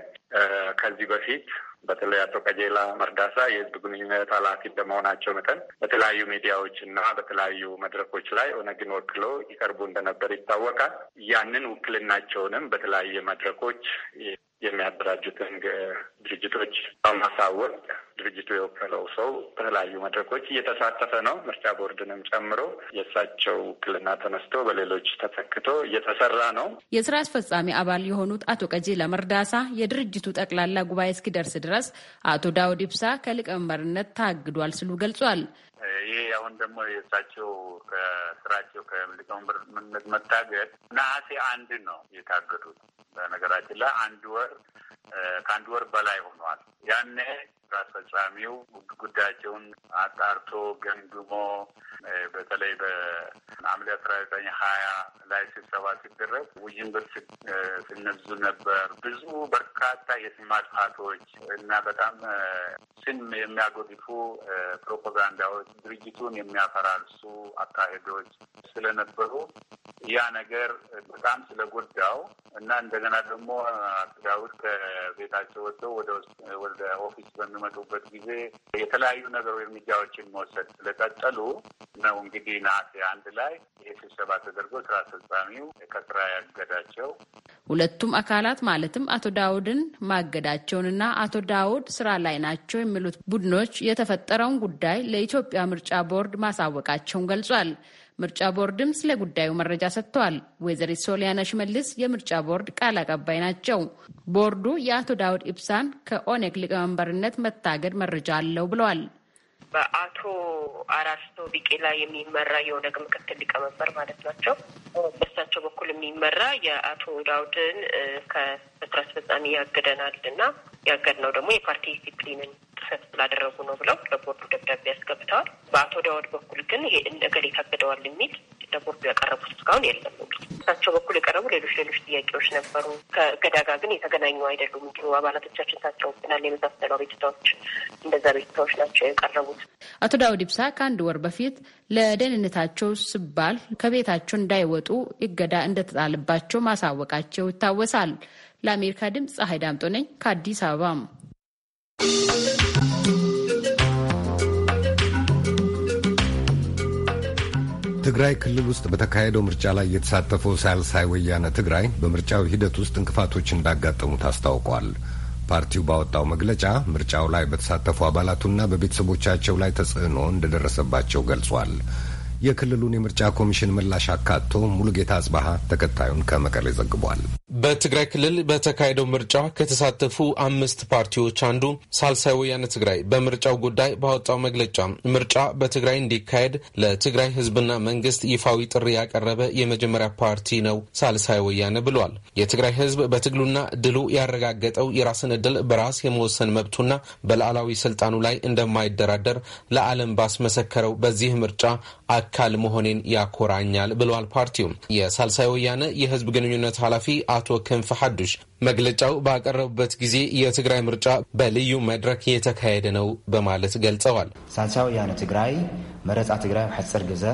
ከዚህ በፊት በተለይ አቶ ቀጀላ መርዳሳ የህዝብ ግንኙነት ኃላፊ እንደመሆናቸው መጠን በተለያዩ ሚዲያዎች እና በተለያዩ መድረኮች ላይ ኦነግን ወክሎ ይቀርቡ እንደነበር ይታወቃል። ያንን ውክልናቸውንም በተለያየ መድረኮች የሚያደራጁትን ድርጅቶች በማሳወቅ ድርጅቱ የወከለው ሰው በተለያዩ መድረኮች እየተሳተፈ ነው። ምርጫ ቦርድንም ጨምሮ የእሳቸው ውክልና ተነስቶ በሌሎች ተተክቶ እየተሰራ ነው። የስራ አስፈጻሚ አባል የሆኑት አቶ ቀጂ ለመርዳሳ የድርጅቱ ጠቅላላ ጉባኤ እስኪደርስ ድረስ አቶ ዳውድ ኢብሳ ከሊቀመንበርነት ታግዷል ስሉ ገልጿል። ይሄ አሁን ደግሞ የእሳቸው ከስራቸው ከሊቀመንበርነት መታገድ ነሐሴ አንድ ነው የታገዱት በነገራችን ላይ አንድ ወር ከአንድ ወር በላይ ሆኗል። ያኔ ስራ አስፈጻሚው ጉዳያቸውን አጣርቶ ገምግሞ በተለይ በሐምሌ አስራ ዘጠኝ ሀያ ላይ ስብሰባ ሲደረግ ውዥንብር ሲነዙ ነበር። ብዙ በርካታ የስም ማጥፋቶች እና በጣም ስም የሚያጎድፉ ፕሮፓጋንዳዎች ድርጅቱን የሚያፈራርሱ አካሄዶች ስለነበሩ ያ ነገር በጣም ስለጎዳው እና እንደገና ደግሞ አቶ ዳዊት ከቤታቸው ወጥተው ወደ ወደ ኦፊስ በሚመጡበት ጊዜ የተለያዩ ነገሮች እርምጃዎችን መውሰድ ስለቀጠሉ ነው እንግዲህ ነሐሴ አንድ ላይ ይህ ስብሰባ ተደርጎ ስራ አስፈጻሚው ከስራ ያገዳቸው ሁለቱም አካላት ማለትም አቶ ዳውድን ማገዳቸውንና አቶ ዳውድ ስራ ላይ ናቸው የሚሉት ቡድኖች የተፈጠረውን ጉዳይ ለኢትዮጵያ ምርጫ ቦርድ ማሳወቃቸውን ገልጿል። ምርጫ ቦርድም ስለ ጉዳዩ መረጃ ሰጥተዋል። ወይዘሪት ሶሊያና ሽመልስ የምርጫ ቦርድ ቃል አቀባይ ናቸው። ቦርዱ የአቶ ዳውድ ኢብሳን ከኦነግ ሊቀመንበርነት መታገድ መረጃ አለው ብለዋል። በአቶ አራስቶ ቢቄላ የሚመራ የኦነግ ምክትል ሊቀመንበር ማለት ናቸው። በሳቸው በኩል የሚመራ የአቶ ዳውድን ከስራ አስፈጻሚ ያገደናል እና ያገድነው ደግሞ የፓርቲ ዲሲፕሊንን ጥፈት ስላደረጉ ነው ብለው ለቦርዱ ደብዳቤ ያስገብተዋል። በአቶ ዳውድ በኩል ግን እገሌ ታግደዋል የሚል ለቦርዱ ያቀረቡት እስካሁን የለም። እሳቸው በኩል የቀረቡ ሌሎች ሌሎች ጥያቄዎች ነበሩ። ከእገዳ ጋር ግን የተገናኙ አይደሉም። እንዲሁ አባላቶቻችን ታስረውብናል የመሳሰሉ አቤቱታዎች፣ እንደዛ አቤቱታዎች ናቸው የቀረቡት። አቶ ዳውድ ኢብሳ ከአንድ ወር በፊት ለደህንነታቸው ስባል ከቤታቸው እንዳይወጡ እገዳ እንደተጣለባቸው ማሳወቃቸው ይታወሳል። ለአሜሪካ ድምፅ ፀሐይ ዳምጦ ነኝ ከአዲስ አበባ። ትግራይ ክልል ውስጥ በተካሄደው ምርጫ ላይ የተሳተፈው ሳልሳይ ወያነ ትግራይ በምርጫው ሂደት ውስጥ እንቅፋቶች እንዳጋጠሙት አስታውቋል። ፓርቲው ባወጣው መግለጫ ምርጫው ላይ በተሳተፉ አባላቱና በቤተሰቦቻቸው ላይ ተጽዕኖ እንደደረሰባቸው ገልጿል። የክልሉን የምርጫ ኮሚሽን ምላሽ አካቶ ሙሉጌታ አጽባሃ ተከታዩን ከመቀሌ ዘግቧል። በትግራይ ክልል በተካሄደው ምርጫ ከተሳተፉ አምስት ፓርቲዎች አንዱ ሳልሳይ ወያነ ትግራይ በምርጫው ጉዳይ ባወጣው መግለጫ ምርጫ በትግራይ እንዲካሄድ ለትግራይ ሕዝብና መንግስት ይፋዊ ጥሪ ያቀረበ የመጀመሪያ ፓርቲ ነው ሳልሳይ ወያነ ብሏል። የትግራይ ሕዝብ በትግሉና ድሉ ያረጋገጠው የራስን እድል በራስ የመወሰን መብቱና በሉዓላዊ ስልጣኑ ላይ እንደማይደራደር ለዓለም ባስመሰከረው በዚህ ምርጫ አካል መሆኔን ያኮራኛል ብሏል። ፓርቲው የሳልሳይ ወያነ የሕዝብ ግንኙነት ኃላፊ አቶ ክንፍ ሐዱሽ መግለጫው ባቀረቡበት ጊዜ የትግራይ ምርጫ በልዩ መድረክ የተካሄደ ነው በማለት ገልጸዋል። ሳልሳይ ወያነ ትግራይ መረፃ ትግራይ ሐፀር ግዘ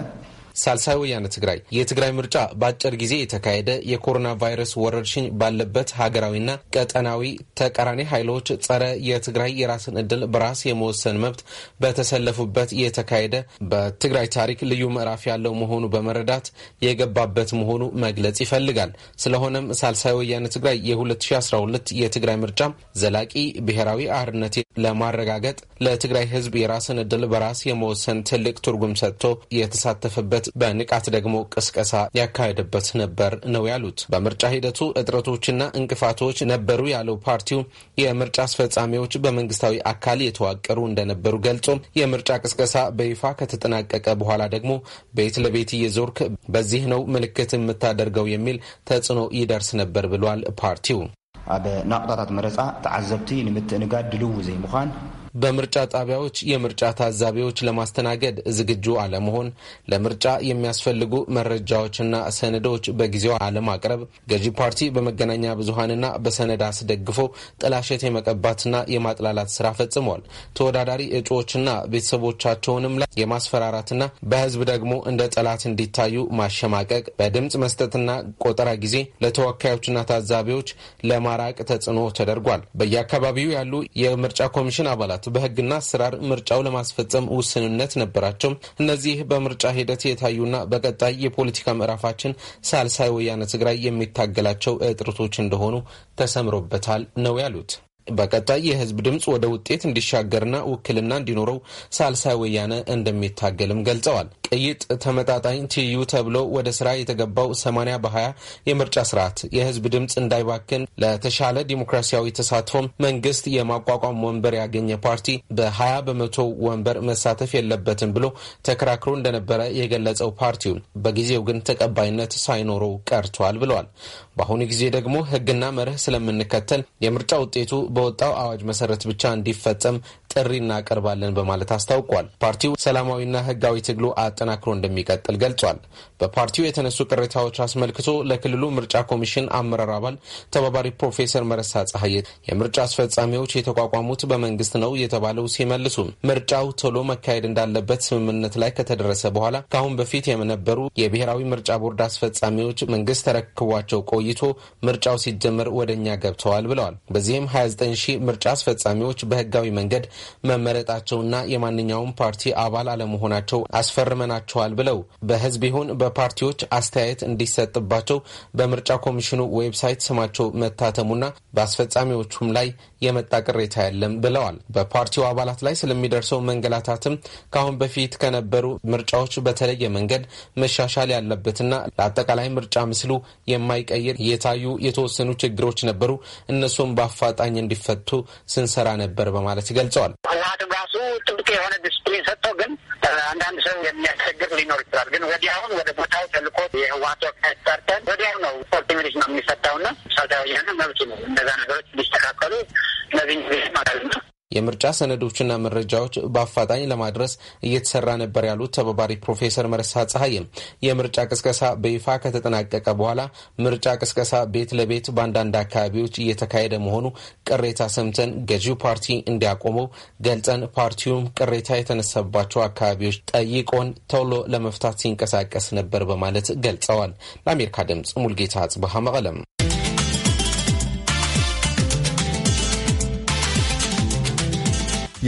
ሳልሳይ ወያነ ትግራይ የትግራይ ምርጫ በአጭር ጊዜ የተካሄደ የኮሮና ቫይረስ ወረርሽኝ ባለበት ሀገራዊና ቀጠናዊ ተቃራኒ ኃይሎች ጸረ የትግራይ የራስን እድል በራስ የመወሰን መብት በተሰለፉበት የተካሄደ በትግራይ ታሪክ ልዩ ምዕራፍ ያለው መሆኑ በመረዳት የገባበት መሆኑ መግለጽ ይፈልጋል። ስለሆነም ሳልሳይ ወያነ ትግራይ የ2012 የትግራይ ምርጫ ዘላቂ ብሔራዊ አርነት ለማረጋገጥ ለትግራይ ሕዝብ የራስን እድል በራስ የመወሰን ትልቅ ትርጉም ሰጥቶ የተሳተፈበት ሂደት በንቃት ደግሞ ቅስቀሳ ያካሄደበት ነበር ነው ያሉት። በምርጫ ሂደቱ እጥረቶችና እንቅፋቶች ነበሩ ያለው ፓርቲው የምርጫ አስፈጻሚዎች በመንግስታዊ አካል የተዋቀሩ እንደነበሩ ገልጾ የምርጫ ቅስቀሳ በይፋ ከተጠናቀቀ በኋላ ደግሞ ቤት ለቤት እየዞርክ በዚህ ነው ምልክት የምታደርገው የሚል ተጽዕኖ ይደርስ ነበር ብሏል ፓርቲው። ኣብ ናቁጣታት መረፃ ተዓዘብቲ ንምትእንጋድ ድልው በምርጫ ጣቢያዎች የምርጫ ታዛቢዎች ለማስተናገድ ዝግጁ አለመሆን፣ ለምርጫ የሚያስፈልጉ መረጃዎችና ሰነዶች በጊዜው አለማቅረብ፣ ገዢ ፓርቲ በመገናኛ ብዙሀንና በሰነድ አስደግፎ ጥላሸት የመቀባትና የማጥላላት ስራ ፈጽሟል። ተወዳዳሪ እጩዎችና ቤተሰቦቻቸውንም ላይ የማስፈራራትና በህዝብ ደግሞ እንደ ጠላት እንዲታዩ ማሸማቀቅ፣ በድምፅ መስጠትና ቆጠራ ጊዜ ለተወካዮችና ታዛቢዎች ለማራቅ ተጽዕኖ ተደርጓል። በየአካባቢው ያሉ የምርጫ ኮሚሽን አባላት አካላት በህግና አሰራር ምርጫው ለማስፈጸም ውስንነት ነበራቸው። እነዚህ በምርጫ ሂደት የታዩና በቀጣይ የፖለቲካ ምዕራፋችን ሳልሳይ ወያነ ትግራይ የሚታገላቸው እጥረቶች እንደሆኑ ተሰምሮበታል ነው ያሉት። በቀጣይ የህዝብ ድምፅ ወደ ውጤት እንዲሻገርና ውክልና እንዲኖረው ሳልሳይ ወያነ እንደሚታገልም ገልጸዋል። ቅይጥ ተመጣጣኝ ትይዩ ተብሎ ወደ ስራ የተገባው 80 በ20 የምርጫ ስርዓት የህዝብ ድምፅ እንዳይባክን ለተሻለ ዲሞክራሲያዊ ተሳትፎም መንግስት የማቋቋም ወንበር ያገኘ ፓርቲ በ20 በመቶ ወንበር መሳተፍ የለበትም ብሎ ተከራክሮ እንደነበረ የገለጸው ፓርቲውን በጊዜው ግን ተቀባይነት ሳይኖረው ቀርቷል ብለዋል። በአሁኑ ጊዜ ደግሞ ህግና መርህ ስለምንከተል የምርጫ ውጤቱ በወጣው አዋጅ መሰረት ብቻ እንዲፈጸም ጥሪ እናቀርባለን በማለት አስታውቋል። ፓርቲው ሰላማዊና ህጋዊ ትግሉ አጠናክሮ እንደሚቀጥል ገልጿል። በፓርቲው የተነሱ ቅሬታዎች አስመልክቶ ለክልሉ ምርጫ ኮሚሽን አመራር አባል ተባባሪ ፕሮፌሰር መረሳ ጸሐዬ የምርጫ አስፈጻሚዎች የተቋቋሙት በመንግስት ነው የተባለው ሲመልሱ ምርጫው ቶሎ መካሄድ እንዳለበት ስምምነት ላይ ከተደረሰ በኋላ ከአሁን በፊት የነበሩ የብሔራዊ ምርጫ ቦርድ አስፈጻሚዎች መንግስት ተረክቧቸው ቆይቶ ምርጫው ሲጀመር ወደ እኛ ገብተዋል ብለዋል። በዚህም 29 ሺህ ምርጫ አስፈጻሚዎች በህጋዊ መንገድ መመረጣቸውና የማንኛውም ፓርቲ አባል አለመሆናቸው አስፈርመናቸዋል ብለው በህዝብ ይሁን በፓርቲዎች አስተያየት እንዲሰጥባቸው በምርጫ ኮሚሽኑ ዌብሳይት ስማቸው መታተሙና በአስፈጻሚዎቹም ላይ የመጣ ቅሬታ የለም ብለዋል። በፓርቲው አባላት ላይ ስለሚደርሰው መንገላታትም ከአሁን በፊት ከነበሩ ምርጫዎች በተለየ መንገድ መሻሻል ያለበትና ለአጠቃላይ ምርጫ ምስሉ የማይቀይር የታዩ የተወሰኑ ችግሮች ነበሩ። እነሱም በአፋጣኝ እንዲፈቱ ስንሰራ ነበር በማለት ገልጸዋል። ህወሀትም ራሱ ጥብቅ የሆነ ዲስፕሊን ሰጥቶ ግን አንዳንድ ሰው የሚያስቸግር ሊኖር ይችላል። ግን ወዲያውን ወደ ቦታው ተልኮ የህወሀት ወቅት ጠርተን ወዲያው ነው ስፖርት ሚኒስ ነው የሚሰጠውና ሳታዊ የሆነ መብት ነው። እነዛ ነገሮች ሊስተካከሉ እነዚህ ጊዜ ማለት ነው። የምርጫ ሰነዶችና መረጃዎች በአፋጣኝ ለማድረስ እየተሰራ ነበር ያሉት ተባባሪ ፕሮፌሰር መረሳ ጸሐይም የምርጫ ቅስቀሳ በይፋ ከተጠናቀቀ በኋላ ምርጫ ቅስቀሳ ቤት ለቤት በአንዳንድ አካባቢዎች እየተካሄደ መሆኑ ቅሬታ ሰምተን ገዢው ፓርቲ እንዲያቆመው ገልጸን ፓርቲውም ቅሬታ የተነሳባቸው አካባቢዎች ጠይቆን ቶሎ ለመፍታት ሲንቀሳቀስ ነበር በማለት ገልጸዋል። ለአሜሪካ ድምጽ ሙልጌታ አጽብሃ መቀለም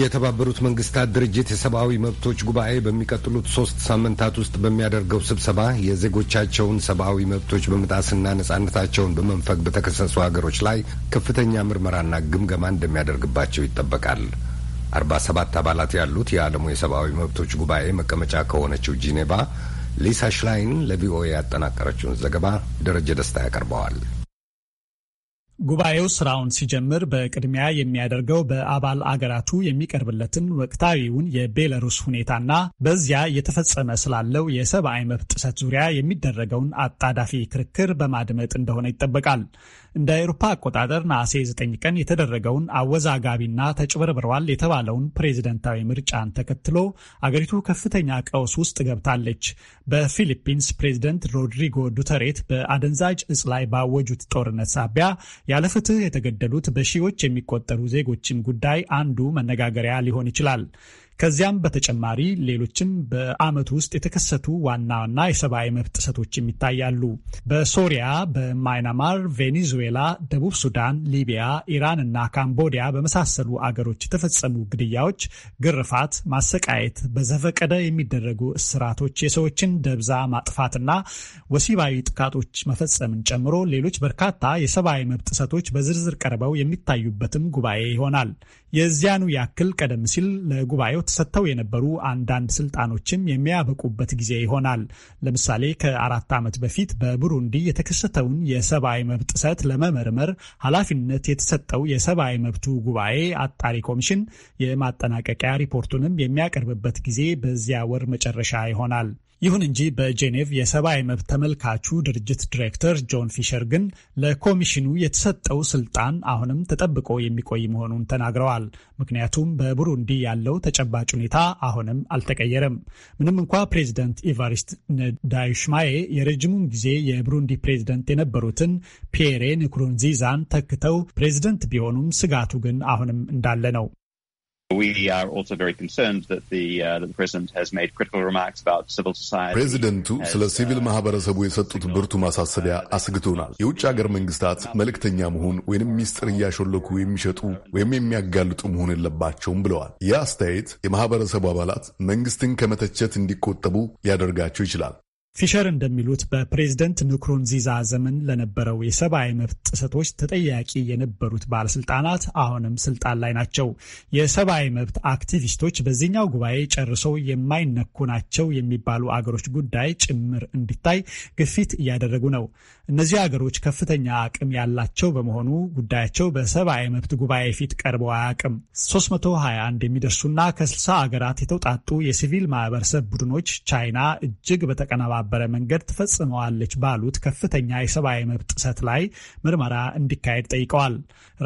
የተባበሩት መንግስታት ድርጅት የሰብአዊ መብቶች ጉባኤ በሚቀጥሉት ሶስት ሳምንታት ውስጥ በሚያደርገው ስብሰባ የዜጎቻቸውን ሰብአዊ መብቶች በመጣስና ነጻነታቸውን በመንፈግ በተከሰሱ ሀገሮች ላይ ከፍተኛ ምርመራና ግምገማ እንደሚያደርግባቸው ይጠበቃል። አርባ ሰባት አባላት ያሉት የዓለሙ የሰብአዊ መብቶች ጉባኤ መቀመጫ ከሆነችው ጂኔቫ ሊሳ ሽላይን ለቪኦኤ ያጠናቀረችውን ዘገባ ደረጀ ደስታ ያቀርበዋል። ጉባኤው ስራውን ሲጀምር በቅድሚያ የሚያደርገው በአባል አገራቱ የሚቀርብለትን ወቅታዊውን የቤላሩስ ሁኔታና በዚያ እየተፈጸመ ስላለው የሰብአዊ መብት ጥሰት ዙሪያ የሚደረገውን አጣዳፊ ክርክር በማድመጥ እንደሆነ ይጠበቃል። እንደ አውሮፓ አቆጣጠር ነሐሴ 9 ቀን የተደረገውን አወዛጋቢና ተጭበርብረዋል የተባለውን ፕሬዝደንታዊ ምርጫን ተከትሎ አገሪቱ ከፍተኛ ቀውስ ውስጥ ገብታለች። በፊሊፒንስ ፕሬዝደንት ሮድሪጎ ዱተሬት በአደንዛዥ እጽ ላይ ባወጁት ጦርነት ሳቢያ ያለ ፍትህ የተገደሉት በሺዎች የሚቆጠሩ ዜጎችም ጉዳይ አንዱ መነጋገሪያ ሊሆን ይችላል። ከዚያም በተጨማሪ ሌሎችም በአመቱ ውስጥ የተከሰቱ ዋና ዋና የሰብአዊ መብት ጥሰቶችም ይታያሉ። በሶሪያ፣ በማይናማር፣ ቬኔዙዌላ፣ ደቡብ ሱዳን፣ ሊቢያ፣ ኢራን እና ካምቦዲያ በመሳሰሉ አገሮች የተፈጸሙ ግድያዎች፣ ግርፋት፣ ማሰቃየት፣ በዘፈቀደ የሚደረጉ እስራቶች፣ የሰዎችን ደብዛ ማጥፋትና ወሲባዊ ጥቃቶች መፈጸምን ጨምሮ ሌሎች በርካታ የሰብአዊ መብት ጥሰቶች በዝርዝር ቀርበው የሚታዩበትም ጉባኤ ይሆናል። የዚያኑ ያክል ቀደም ሲል ለጉባኤው ተሰጥተው የነበሩ አንዳንድ ስልጣኖችም የሚያበቁበት ጊዜ ይሆናል። ለምሳሌ ከአራት ዓመት በፊት በቡሩንዲ የተከሰተውን የሰብአዊ መብት ጥሰት ለመመርመር ኃላፊነት የተሰጠው የሰብአዊ መብቱ ጉባኤ አጣሪ ኮሚሽን የማጠናቀቂያ ሪፖርቱንም የሚያቀርብበት ጊዜ በዚያ ወር መጨረሻ ይሆናል። ይሁን እንጂ በጄኔቭ የሰብአዊ መብት ተመልካቹ ድርጅት ዲሬክተር ጆን ፊሸር ግን ለኮሚሽኑ የተሰጠው ስልጣን አሁንም ተጠብቆ የሚቆይ መሆኑን ተናግረዋል። ምክንያቱም በቡሩንዲ ያለው ተጨባጭ ሁኔታ አሁንም አልተቀየረም። ምንም እንኳ ፕሬዚደንት ኢቫሪስት ዳዩሽማዬ የረጅሙን ጊዜ የቡሩንዲ ፕሬዚደንት የነበሩትን ፒየሬ ንኩሩንዚዛን ተክተው ፕሬዚደንት ቢሆኑም ስጋቱ ግን አሁንም እንዳለ ነው። ፕሬዚደንቱ uh, ስለ ሲቪል uh, ማህበረሰቡ የሰጡት ብርቱ ማሳሰቢያ አስግቶናል። የውጭ ሀገር መንግስታት መልእክተኛ መሆን ወይንም ሚስጥር እያሾለኩ የሚሸጡ ወይም የሚያጋልጡ መሆን የለባቸውም ብለዋል። ይህ አስተያየት የማህበረሰቡ አባላት መንግስትን ከመተቸት እንዲቆጠቡ ሊያደርጋቸው ይችላል። ፊሸር እንደሚሉት በፕሬዝደንት ንኩሩንዚዛ ዘመን ለነበረው የሰብአዊ መብት ጥሰቶች ተጠያቂ የነበሩት ባለስልጣናት አሁንም ስልጣን ላይ ናቸው። የሰብአዊ መብት አክቲቪስቶች በዚህኛው ጉባኤ ጨርሰው የማይነኩ ናቸው የሚባሉ አገሮች ጉዳይ ጭምር እንዲታይ ግፊት እያደረጉ ነው። እነዚህ አገሮች ከፍተኛ አቅም ያላቸው በመሆኑ ጉዳያቸው በሰብአዊ መብት ጉባኤ ፊት ቀርበው አያውቅም። 321 የሚደርሱና ከ60 አገራት የተውጣጡ የሲቪል ማህበረሰብ ቡድኖች ቻይና እጅግ በተቀናባ በተቀነባበረ መንገድ ትፈጽመዋለች ባሉት ከፍተኛ የሰብአዊ መብት ጥሰት ላይ ምርመራ እንዲካሄድ ጠይቀዋል።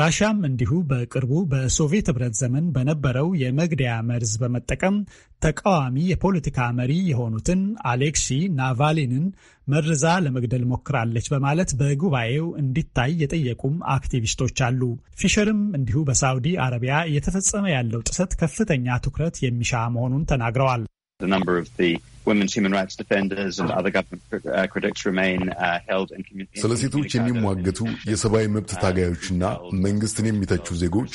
ራሽያም እንዲሁ በቅርቡ በሶቪየት ሕብረት ዘመን በነበረው የመግደያ መርዝ በመጠቀም ተቃዋሚ የፖለቲካ መሪ የሆኑትን አሌክሲ ናቫሊንን መርዛ ለመግደል ሞክራለች በማለት በጉባኤው እንዲታይ የጠየቁም አክቲቪስቶች አሉ። ፊሸርም እንዲሁ በሳውዲ አረቢያ እየተፈጸመ ያለው ጥሰት ከፍተኛ ትኩረት የሚሻ መሆኑን ተናግረዋል። ስለ ah. uh, uh, ሴቶች የሚሟገቱ uh, የሰብአዊ መብት ታጋዮችና መንግስትን የሚተቹ ዜጎች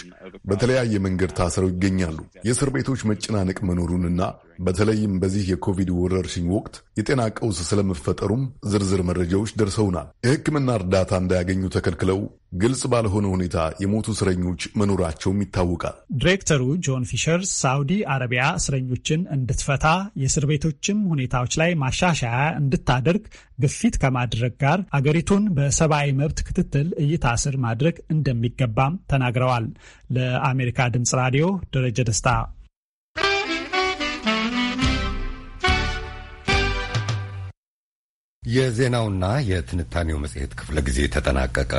በተለያየ መንገድ ታስረው ይገኛሉ። የእስር ቤቶች መጨናነቅ መኖሩንና በተለይም በዚህ የኮቪድ ወረርሽኝ ወቅት የጤና ቀውስ ስለመፈጠሩም ዝርዝር መረጃዎች ደርሰውናል። የሕክምና እርዳታ እንዳያገኙ ተከልክለው ግልጽ ባልሆነ ሁኔታ የሞቱ እስረኞች መኖራቸውም ይታወቃል። ዲሬክተሩ ጆን ፊሸር ሳውዲ አረቢያ እስረኞችን እንድትፈታ የእስር ቤቶችን በሌሎችም ሁኔታዎች ላይ ማሻሻያ እንድታደርግ ግፊት ከማድረግ ጋር አገሪቱን በሰብአዊ መብት ክትትል እይታ ስር ማድረግ እንደሚገባም ተናግረዋል። ለአሜሪካ ድምፅ ራዲዮ ደረጀ ደስታ። የዜናውና የትንታኔው መጽሔት ክፍለ ጊዜ ተጠናቀቀ።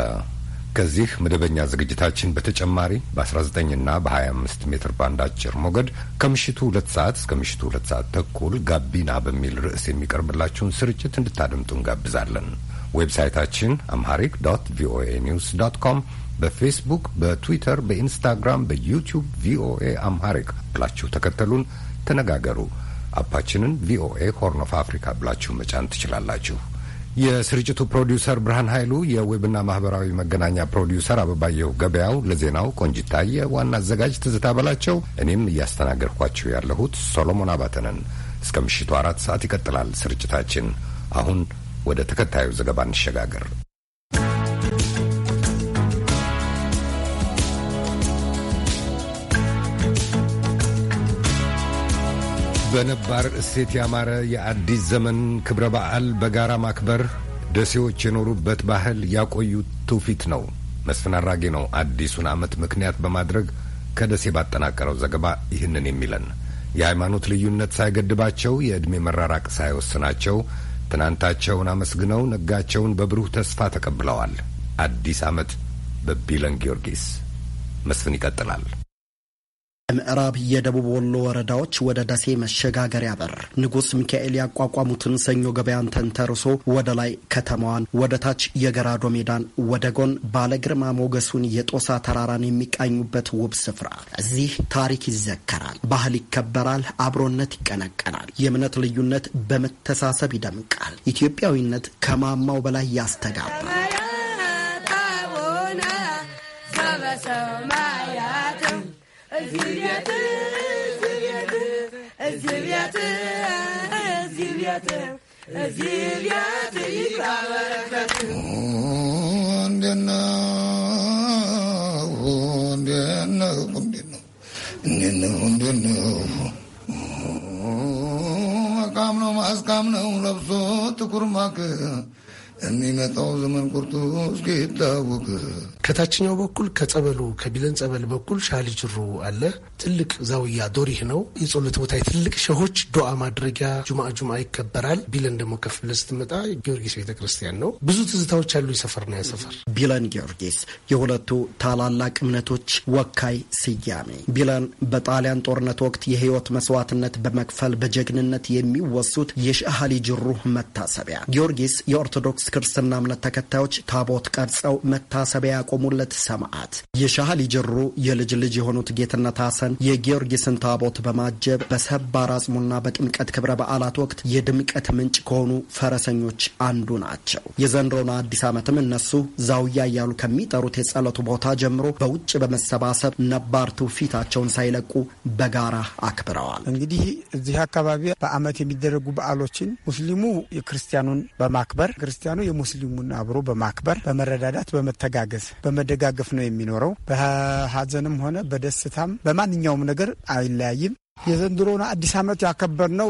ከዚህ መደበኛ ዝግጅታችን በተጨማሪ በ19 እና በ25 ሜትር ባንድ አጭር ሞገድ ከምሽቱ ሁለት ሰዓት እስከ ምሽቱ ሁለት ሰዓት ተኩል ጋቢና በሚል ርዕስ የሚቀርብላችሁን ስርጭት እንድታደምጡ እንጋብዛለን። ዌብሳይታችን አምሃሪክ ዶት ቪኦኤ ኒውስ ዶት ኮም፣ በፌስቡክ፣ በትዊተር፣ በኢንስታግራም፣ በዩቲዩብ ቪኦኤ አምሃሪክ ብላችሁ ተከተሉን፣ ተነጋገሩ። አፓችንን ቪኦኤ ሆርን ኦፍ አፍሪካ ብላችሁ መጫን ትችላላችሁ። የስርጭቱ ፕሮዲውሰር ብርሃን ኃይሉ፣ የዌብና ማህበራዊ መገናኛ ፕሮዲውሰር አበባየሁ ገበያው፣ ለዜናው ቆንጅታየ፣ ዋና አዘጋጅ ትዝታ በላቸው፣ እኔም እያስተናገድኳችሁ ያለሁት ሶሎሞን አባተንን። እስከ ምሽቱ አራት ሰዓት ይቀጥላል ስርጭታችን። አሁን ወደ ተከታዩ ዘገባ እንሸጋገር። በነባር እሴት ያማረ የአዲስ ዘመን ክብረ በዓል በጋራ ማክበር ደሴዎች የኖሩበት ባህል ያቆዩት ትውፊት ነው። መስፍን አራጌ ነው አዲሱን ዓመት ምክንያት በማድረግ ከደሴ ባጠናቀረው ዘገባ ይህንን የሚለን የሃይማኖት ልዩነት ሳይገድባቸው የዕድሜ መራራቅ ሳይወስናቸው ትናንታቸውን አመስግነው ነጋቸውን በብሩህ ተስፋ ተቀብለዋል። አዲስ ዓመት በቢለን ጊዮርጊስ መስፍን ይቀጥላል። የምዕራብ የደቡብ ወሎ ወረዳዎች ወደ ደሴ መሸጋገሪያ በር ንጉሥ ሚካኤል ያቋቋሙትን ሰኞ ገበያን ተንተርሶ ወደ ላይ ከተማዋን፣ ወደ ታች የገራዶ ሜዳን፣ ወደ ጎን ባለ ግርማ ሞገሱን የጦሳ ተራራን የሚቃኙበት ውብ ስፍራ። እዚህ ታሪክ ይዘከራል፣ ባህል ይከበራል፣ አብሮነት ይቀነቀናል፣ የእምነት ልዩነት በመተሳሰብ ይደምቃል፣ ኢትዮጵያዊነት ከማማው በላይ ያስተጋባል። መቃም ነው ማስቃም ነው ለብሶ ጥቁር ማክ የሚመጣው ዘመን ቁርጡ እስኪታወቅ ከታችኛው በኩል ከጸበሉ ከቢለን ጸበል በኩል ሻሊ ጅሩ አለ። ትልቅ ዛውያ ዶሪህ ነው የጸሎት ቦታ ትልቅ ሸሆች ዱዓ ማድረጊያ ጁማ ጁማ ይከበራል። ቢለን ደግሞ ከፍ ብለ ስትመጣ ጊዮርጊስ ቤተ ክርስቲያን ነው። ብዙ ትዝታዎች ያሉ የሰፈር ነው ያሰፈር ቢለን ጊዮርጊስ የሁለቱ ታላላቅ እምነቶች ወካይ ስያሜ። ቢለን በጣሊያን ጦርነት ወቅት የህይወት መስዋዕትነት በመክፈል በጀግንነት የሚወሱት የሻህሊ ጅሩ መታሰቢያ ጊዮርጊስ የኦርቶዶክስ ክርስትና እምነት ተከታዮች ታቦት ቀርጸው መታሰቢያ ያቆ የቆሙለት ሰማዕት የሻህ አሊ የልጅ ልጅ የሆኑት ጌትነት ሐሰን የጊዮርጊስን ታቦት በማጀብ በሰባር አጽሙና በጥምቀት ክብረ በዓላት ወቅት የድምቀት ምንጭ ከሆኑ ፈረሰኞች አንዱ ናቸው። የዘንድሮን አዲስ ዓመትም እነሱ ዛውያ እያሉ ከሚጠሩት የጸለቱ ቦታ ጀምሮ በውጭ በመሰባሰብ ነባር ትውፊታቸውን ሳይለቁ በጋራ አክብረዋል። እንግዲህ እዚህ አካባቢ በዓመት የሚደረጉ በዓሎችን ሙስሊሙ የክርስቲያኑን በማክበር ክርስቲያኑ የሙስሊሙን አብሮ በማክበር በመረዳዳት በመተጋገዝ በመደጋገፍ ነው የሚኖረው። በሀዘንም ሆነ በደስታም በማንኛውም ነገር አይለያይም። የዘንድሮን አዲስ ዓመት ያከበርነው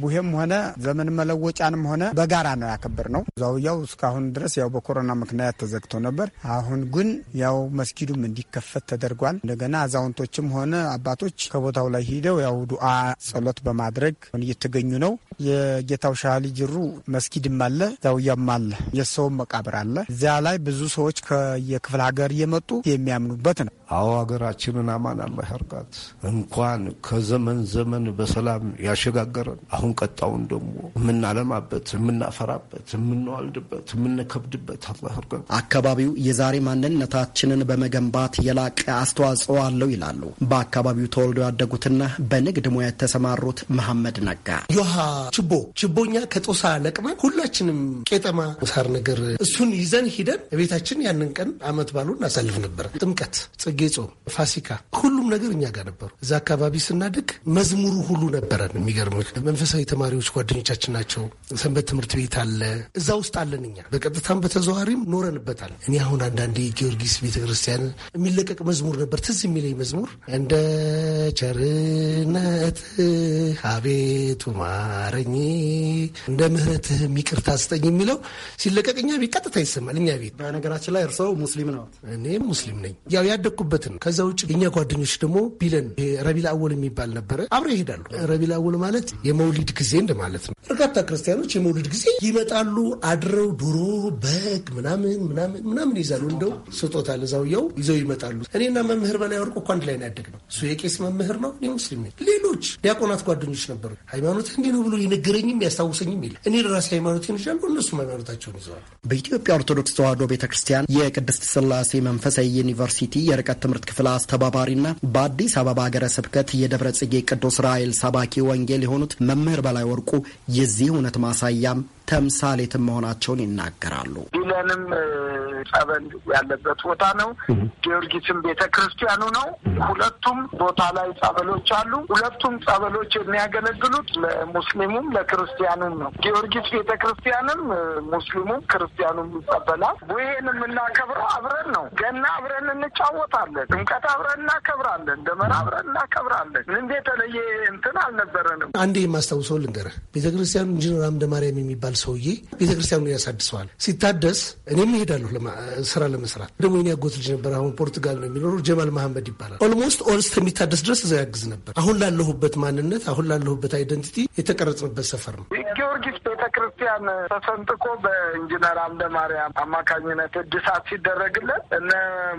ቡሄም ሆነ ዘመን መለወጫንም ሆነ በጋራ ነው ያከበርነው። ያው እስካሁን ድረስ ያው በኮሮና ምክንያት ተዘግቶ ነበር። አሁን ግን ያው መስጊዱም እንዲከፈት ተደርጓል። እንደገና አዛውንቶችም ሆነ አባቶች ከቦታው ላይ ሂደው ያው ዱአ ጸሎት በማድረግ እየተገኙ ነው። የጌታው ሻሊ ጅሩ መስጊድም አለ፣ ዛውያም አለ፣ የሰውም መቃብር አለ። እዚያ ላይ ብዙ ሰዎች ከየክፍለ ሀገር እየመጡ የሚያምኑበት ነው። አዎ ሀገራችንን አማን አላህ ያርጋት እንኳን ከዘመን ዘመን በሰላም ያሸጋገረን አሁን ቀጣውን ደግሞ የምናለማበት፣ የምናፈራበት፣ የምንዋልድበት የምንከብድበት አላህ እርገን። አካባቢው የዛሬ ማንነታችንን በመገንባት የላቀ አስተዋጽኦ አለው ይላሉ በአካባቢው ተወልደው ያደጉትና በንግድ ሙያ የተሰማሩት መሐመድ ነጋ። ዮሃ ችቦ ችቦኛ ከጦሳ ለቅመን ሁላችንም ቄጠማ ሳር ነገር እሱን ይዘን ሂደን ቤታችን ያንን ቀን አመት ባሉ እናሳልፍ ነበር። ጥምቀት፣ ጽጌ ጾም፣ ፋሲካ ሁሉም ነገር እኛ ጋር ነበሩ። እዛ አካባቢ ስና ስናድግ መዝሙሩ ሁሉ ነበረን። የሚገርምህ መንፈሳዊ ተማሪዎች ጓደኞቻችን ናቸው። ሰንበት ትምህርት ቤት አለ፣ እዛ ውስጥ አለን። እኛ በቀጥታም በተዘዋሪም ኖረንበታል። እኔ አሁን አንዳንዴ ጊዮርጊስ ቤተክርስቲያን የሚለቀቅ መዝሙር ነበር ትዝ የሚለኝ መዝሙር እንደ ቸርነትህ አቤቱ ማረኝ እንደ ምሕረትህ ይቅርታ ስጠኝ የሚለው ሲለቀቅ እኛ ቤት ቀጥታ ይሰማል። እኛ ቤት በነገራችን ላይ እርሰው ሙስሊም ነው፣ እኔም ሙስሊም ነኝ። ያው ያደግኩበትን ከዛ ውጭ የእኛ ጓደኞች ደግሞ ቢለን ረቢል አወል የሚባል ካልነበረ አብረ ይሄዳሉ። ረቢዕ አወል ማለት የመውሊድ ጊዜ እንደማለት ነው። በርካታ ክርስቲያኖች የመውሊድ ጊዜ ይመጣሉ። አድረው ዶሮ፣ በግ ምናምን ምናምን ምናምን ይዛሉ። እንደው ስጦታ ለዛውያው ይዘው ይመጣሉ። እኔና መምህር በላይ ወርቁ እኮ አንድ ላይ ነው ያደግነው። እሱ የቄስ መምህር ነው፣ ሙስሊም ነኝ። ሌሎች ዲያቆናት ጓደኞች ነበሩ። ሃይማኖት እንዲህ ነው ብሎ የነገረኝም ያስታውሰኝም የለ። እኔ ለራሴ ሃይማኖት ይዣለሁ፣ እነሱም ሃይማኖታቸውን ይዘዋል። በኢትዮጵያ ኦርቶዶክስ ተዋህዶ ቤተ ክርስቲያን የቅድስት ስላሴ መንፈሳዊ ዩኒቨርሲቲ የርቀት ትምህርት ክፍል አስተባባሪና በአዲስ አበባ ሀገረ ስብከት የደብረ ጽጌ ቅዱስ ራኤል ሰባኪ ወንጌል የሆኑት መምህር በላይ ወርቁ የዚህ እውነት ማሳያም ተምሳሌትም መሆናቸውን ይናገራሉ። ቢለንም ጸበል ያለበት ቦታ ነው። ጊዮርጊስም ቤተ ክርስቲያኑ ነው። ሁለቱም ቦታ ላይ ጸበሎች አሉ። ሁለቱም ጸበሎች የሚያገለግሉት ለሙስሊሙም ለክርስቲያኑም ነው። ጊዮርጊስ ቤተ ክርስቲያንም ሙስሊሙም ክርስቲያኑም ይጸበላል። ቡሄን የምናከብረው አብረን ነው። ገና አብረን እንጫወታለን። ጥምቀት አብረን እናከብራለን። ደመራ አብረን እናከብራለን። እንጂ የተለየ እንትን አልነበረንም። አንዴ የማስታውሰው ልንገርህ፣ ቤተክርስቲያኑ ኢንጂነር አምደ ማርያም የሚባል ሰውዬ ቤተክርስቲያኑን ያሳድሰዋል። ሲታደስ እኔም እሄዳለሁ ስራ ለመስራት። ደግሞ የኔ አጎት ልጅ ነበር፣ አሁን ፖርቱጋል ነው የሚኖረው፣ ጀማል መሐመድ ይባላል። ኦልሞስት ኦል እስከሚታደስ ድረስ እዛ ያግዝ ነበር። አሁን ላለሁበት ማንነት፣ አሁን ላለሁበት አይደንቲቲ የተቀረጽንበት ሰፈር ነው። ጊዮርጊስ ቤተክርስቲያን ተሰንጥቆ በኢንጂነር አምደ ማርያም አማካኝነት እድሳት ሲደረግለት እነ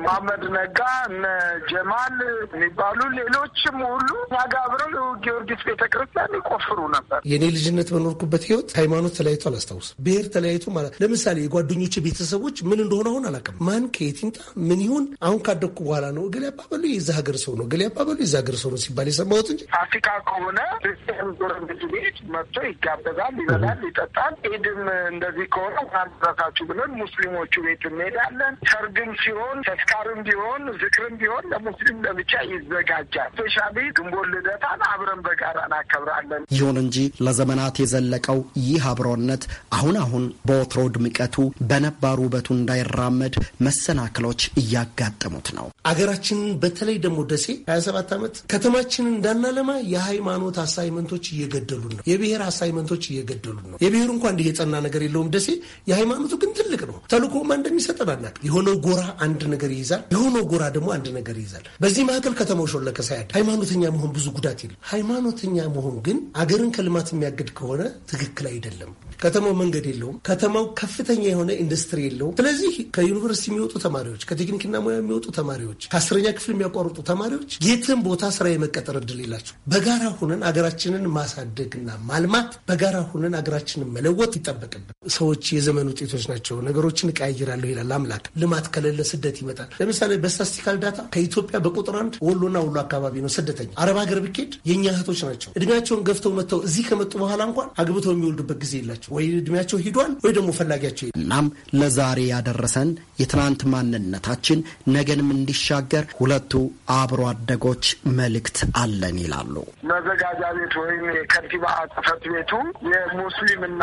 መሐመድ ነጋ እነ ጀማል የሚባሉ ሌሎችም ሁሉ ጋር አብረው ጊዮርጊስ ቤተክርስቲያን ይቆፍሩ ነበር። የእኔ ልጅነት በኖርኩበት ህይወት ሃይማኖት ተለያይቶ አላስታውስም። ብሔር ተለያይቶ ማለት ለምሳሌ የጓደኞች ቤተሰቦች ምን እንደሆነ አሁን አላውቅም። ማን ከየት ይምጣ ምን ይሁን አሁን ካደግኩ በኋላ ነው እገሌ አባበሉ የዛ ሀገር ሰው ነው፣ እገሌ አባበሉ የዛ ሀገር ሰው ነው ሲባል የሰማሁት እንጂ አፍሪካ ከሆነ ክርስቲያን ጎረቤት ቤት መጥቶ ይጋበዛል፣ ይበላል፣ ይጠጣል። ኢድም እንደዚህ ከሆነ ማድረሳችሁ ብለን ሙስሊሞቹ ቤት እንሄዳለን። ሰርግም ሲሆን ተስካርም ቢሆን ዝክርም ቢሆን ለሙስሊም ለብቻ ይዘጋጃል። ስፔሻሊ ግንቦ የአምቦን ልደታን አብረን በጋራ እናከብራለን። ይሁን እንጂ ለዘመናት የዘለቀው ይህ አብሮነት አሁን አሁን በወትሮ ድምቀቱ በነባሩ ውበቱ እንዳይራመድ መሰናክሎች እያጋጠሙት ነው። አገራችን በተለይ ደግሞ ደሴ 27 ዓመት ከተማችንን እንዳናለማ የሃይማኖት አሳይመንቶች እየገደሉን ነው። የብሔር አሳይመንቶች እየገደሉን ነው። የብሔሩ እንኳ እንዲህ የጸና ነገር የለውም ደሴ። የሃይማኖቱ ግን ትልቅ ነው። ተልእኮም እንደሚሰጠን አናውቅም። የሆነው ጎራ አንድ ነገር ይይዛል፣ የሆነው ጎራ ደግሞ አንድ ነገር ይይዛል። በዚህ መካከል ከተማው ሾለከ ሳያድ ሃይማኖተኛ መሆን መሆን ብዙ ጉዳት የለም። ሃይማኖተኛ መሆን ግን አገርን ከልማት የሚያገድ ከሆነ ትክክል አይደለም። ከተማው መንገድ የለውም። ከተማው ከፍተኛ የሆነ ኢንዱስትሪ የለውም። ስለዚህ ከዩኒቨርሲቲ የሚወጡ ተማሪዎች፣ ከቴክኒክና ሙያ የሚወጡ ተማሪዎች፣ ከአስረኛ ክፍል የሚያቋርጡ ተማሪዎች የትም ቦታ ስራ የመቀጠር እድል የላቸው። በጋራ ሁነን አገራችንን ማሳደግና ማልማት፣ በጋራ ሁነን አገራችንን መለወጥ ይጠበቅብን። ሰዎች የዘመን ውጤቶች ናቸው። ነገሮችን እቀያይራለሁ ይላል አምላክ። ልማት ከሌለ ስደት ይመጣል። ለምሳሌ በስታስቲካል ዳታ ከኢትዮጵያ በቁጥር አንድ ወሎና ወሎ አካባቢ ነው ስደተኛ አረብ ሀገር ብኬድ የእኛ እህቶች ናቸው። እድሜያቸውን ገፍተው መጥተው እዚህ ከመጡ በኋላ እንኳን አግብተው የሚወልዱበት ጊዜ የላቸው ወይ እድሜያቸው ሂዷል ወይ ደግሞ ፈላጊያቸው። እናም ለዛሬ ያደረሰን የትናንት ማንነታችን ነገንም እንዲሻገር ሁለቱ አብሮ አደጎች መልእክት አለን ይላሉ። መዘጋጃ ቤት ወይም የከንቲባ ጽሕፈት ቤቱ የሙስሊምና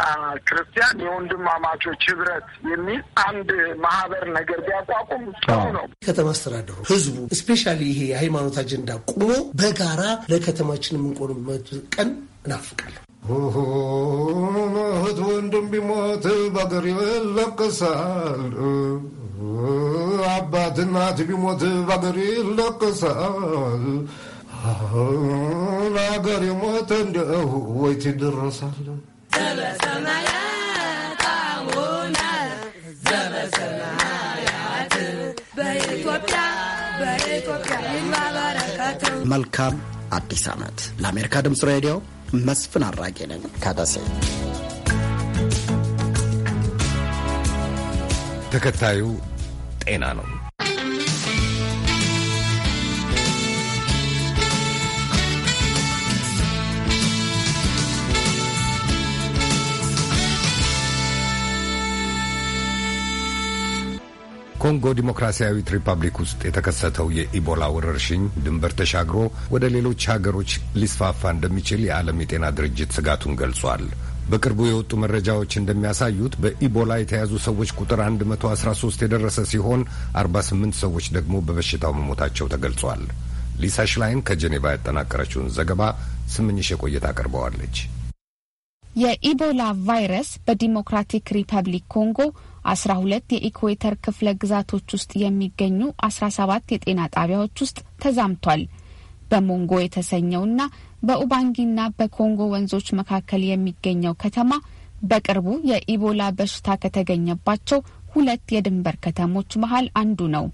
ክርስቲያን የወንድማማቾች ህብረት የሚል አንድ ማህበር ነገር ቢያቋቁም ነው። ከተማ አስተዳደሩ ህዝቡ ስፔሻሊ ይሄ የሃይማኖት አጀንዳ ቁሞ በጋራ ጋራ ለከተማችን የምንቆርበት ቀን እናፍቃለሁ። እህት ወንድም ቢሞት በአገር ይለቅሳል። አባት እናት ቢሞት በአገር ይለቅሳል። አገር የሞተ እንዲሁ ወይት ይደረሳል። ዘበሰማያት አቡነ ዘበሰማያት በኢትዮጵያ በኢትዮጵያ ይማበራ መልካም አዲስ ዓመት። ለአሜሪካ ድምፅ ሬዲዮ መስፍን አራጌ ነኝ ከደሴ። ተከታዩ ጤና ነው። ኮንጎ ዲሞክራሲያዊት ሪፐብሊክ ውስጥ የተከሰተው የኢቦላ ወረርሽኝ ድንበር ተሻግሮ ወደ ሌሎች ሀገሮች ሊስፋፋ እንደሚችል የዓለም የጤና ድርጅት ስጋቱን ገልጿል። በቅርቡ የወጡ መረጃዎች እንደሚያሳዩት በኢቦላ የተያዙ ሰዎች ቁጥር 113 የደረሰ ሲሆን 48 ሰዎች ደግሞ በበሽታው መሞታቸው ተገልጿል። ሊሳ ሽላይን ከጄኔቫ ያጠናቀረችውን ዘገባ ስምኝሽ የቆየት አቅርበዋለች። የኢቦላ ቫይረስ በዲሞክራቲክ ሪፐብሊክ ኮንጎ አስራ ሁለት የኢኩዌተር ክፍለ ግዛቶች ውስጥ የሚገኙ አስራ ሰባት የጤና ጣቢያዎች ውስጥ ተዛምቷል። በሞንጎ የተሰኘውና በኡባንጊና በኮንጎ ወንዞች መካከል የሚገኘው ከተማ በቅርቡ የኢቦላ በሽታ ከተገኘባቸው ሁለት የድንበር ከተሞች መሀል አንዱ ነው።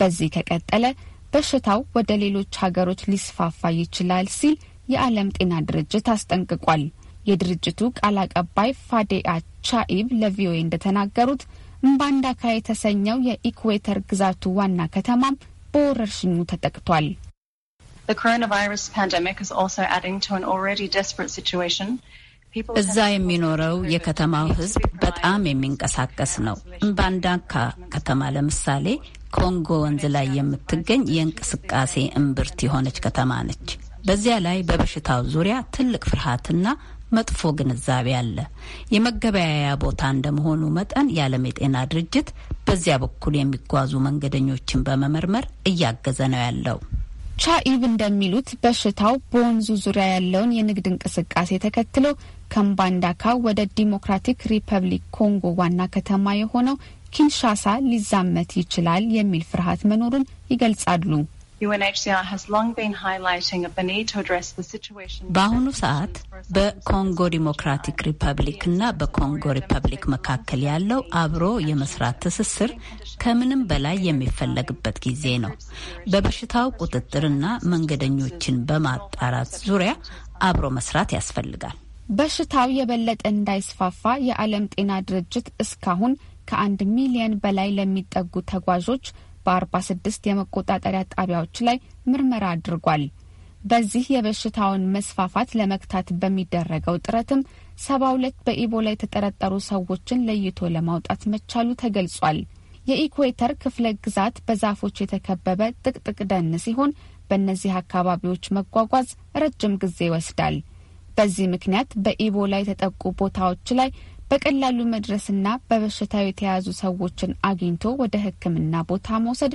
በዚህ ከቀጠለ በሽታው ወደ ሌሎች ሀገሮች ሊስፋፋ ይችላል ሲል የዓለም ጤና ድርጅት አስጠንቅቋል። የድርጅቱ ቃል አቀባይ ፋዴ ቻኢብ ለቪኦኤ እንደተናገሩት እምባንዳካ የተሰኘው የኢኩዌተር ግዛቱ ዋና ከተማም በወረርሽኙ ተጠቅቷል። እዛ የሚኖረው የከተማው ሕዝብ በጣም የሚንቀሳቀስ ነው። እምባንዳካ ከተማ ለምሳሌ ኮንጎ ወንዝ ላይ የምትገኝ የእንቅስቃሴ እምብርት የሆነች ከተማ ነች። በዚያ ላይ በበሽታው ዙሪያ ትልቅ ፍርሃትና መጥፎ ግንዛቤ አለ። የመገበያያ ቦታ እንደመሆኑ መጠን የዓለም የጤና ድርጅት በዚያ በኩል የሚጓዙ መንገደኞችን በመመርመር እያገዘ ነው ያለው። ቻኢብ እንደሚሉት በሽታው በወንዙ ዙሪያ ያለውን የንግድ እንቅስቃሴ ተከትሎ ከምባንዳካ ወደ ዲሞክራቲክ ሪፐብሊክ ኮንጎ ዋና ከተማ የሆነው ኪንሻሳ ሊዛመት ይችላል የሚል ፍርሃት መኖሩን ይገልጻሉ። በአሁኑ ሰዓት በኮንጎ ዲሞክራቲክ ሪፐብሊክ እና በኮንጎ ሪፐብሊክ መካከል ያለው አብሮ የመስራት ትስስር ከምንም በላይ የሚፈለግበት ጊዜ ነው። በበሽታው ቁጥጥርና መንገደኞችን በማጣራት ዙሪያ አብሮ መስራት ያስፈልጋል። በሽታው የበለጠ እንዳይስፋፋ የዓለም ጤና ድርጅት እስካሁን ከአንድ ሚሊየን በላይ ለሚጠጉ ተጓዦች በ46 የመቆጣጠሪያ ጣቢያዎች ላይ ምርመራ አድርጓል። በዚህ የበሽታውን መስፋፋት ለመግታት በሚደረገው ጥረትም ሰባ በኢቦላ የተጠረጠሩ ሰዎችን ለይቶ ለማውጣት መቻሉ ተገልጿል። የኢኩዌተር ክፍለ ግዛት በዛፎች የተከበበ ጥቅጥቅ ደን ሲሆን በእነዚህ አካባቢዎች መጓጓዝ ረጅም ጊዜ ይወስዳል። በዚህ ምክንያት በኢቦላ የተጠቁ ቦታዎች ላይ በቀላሉ መድረስና በበሽታው የተያዙ ሰዎችን አግኝቶ ወደ ሕክምና ቦታ መውሰድ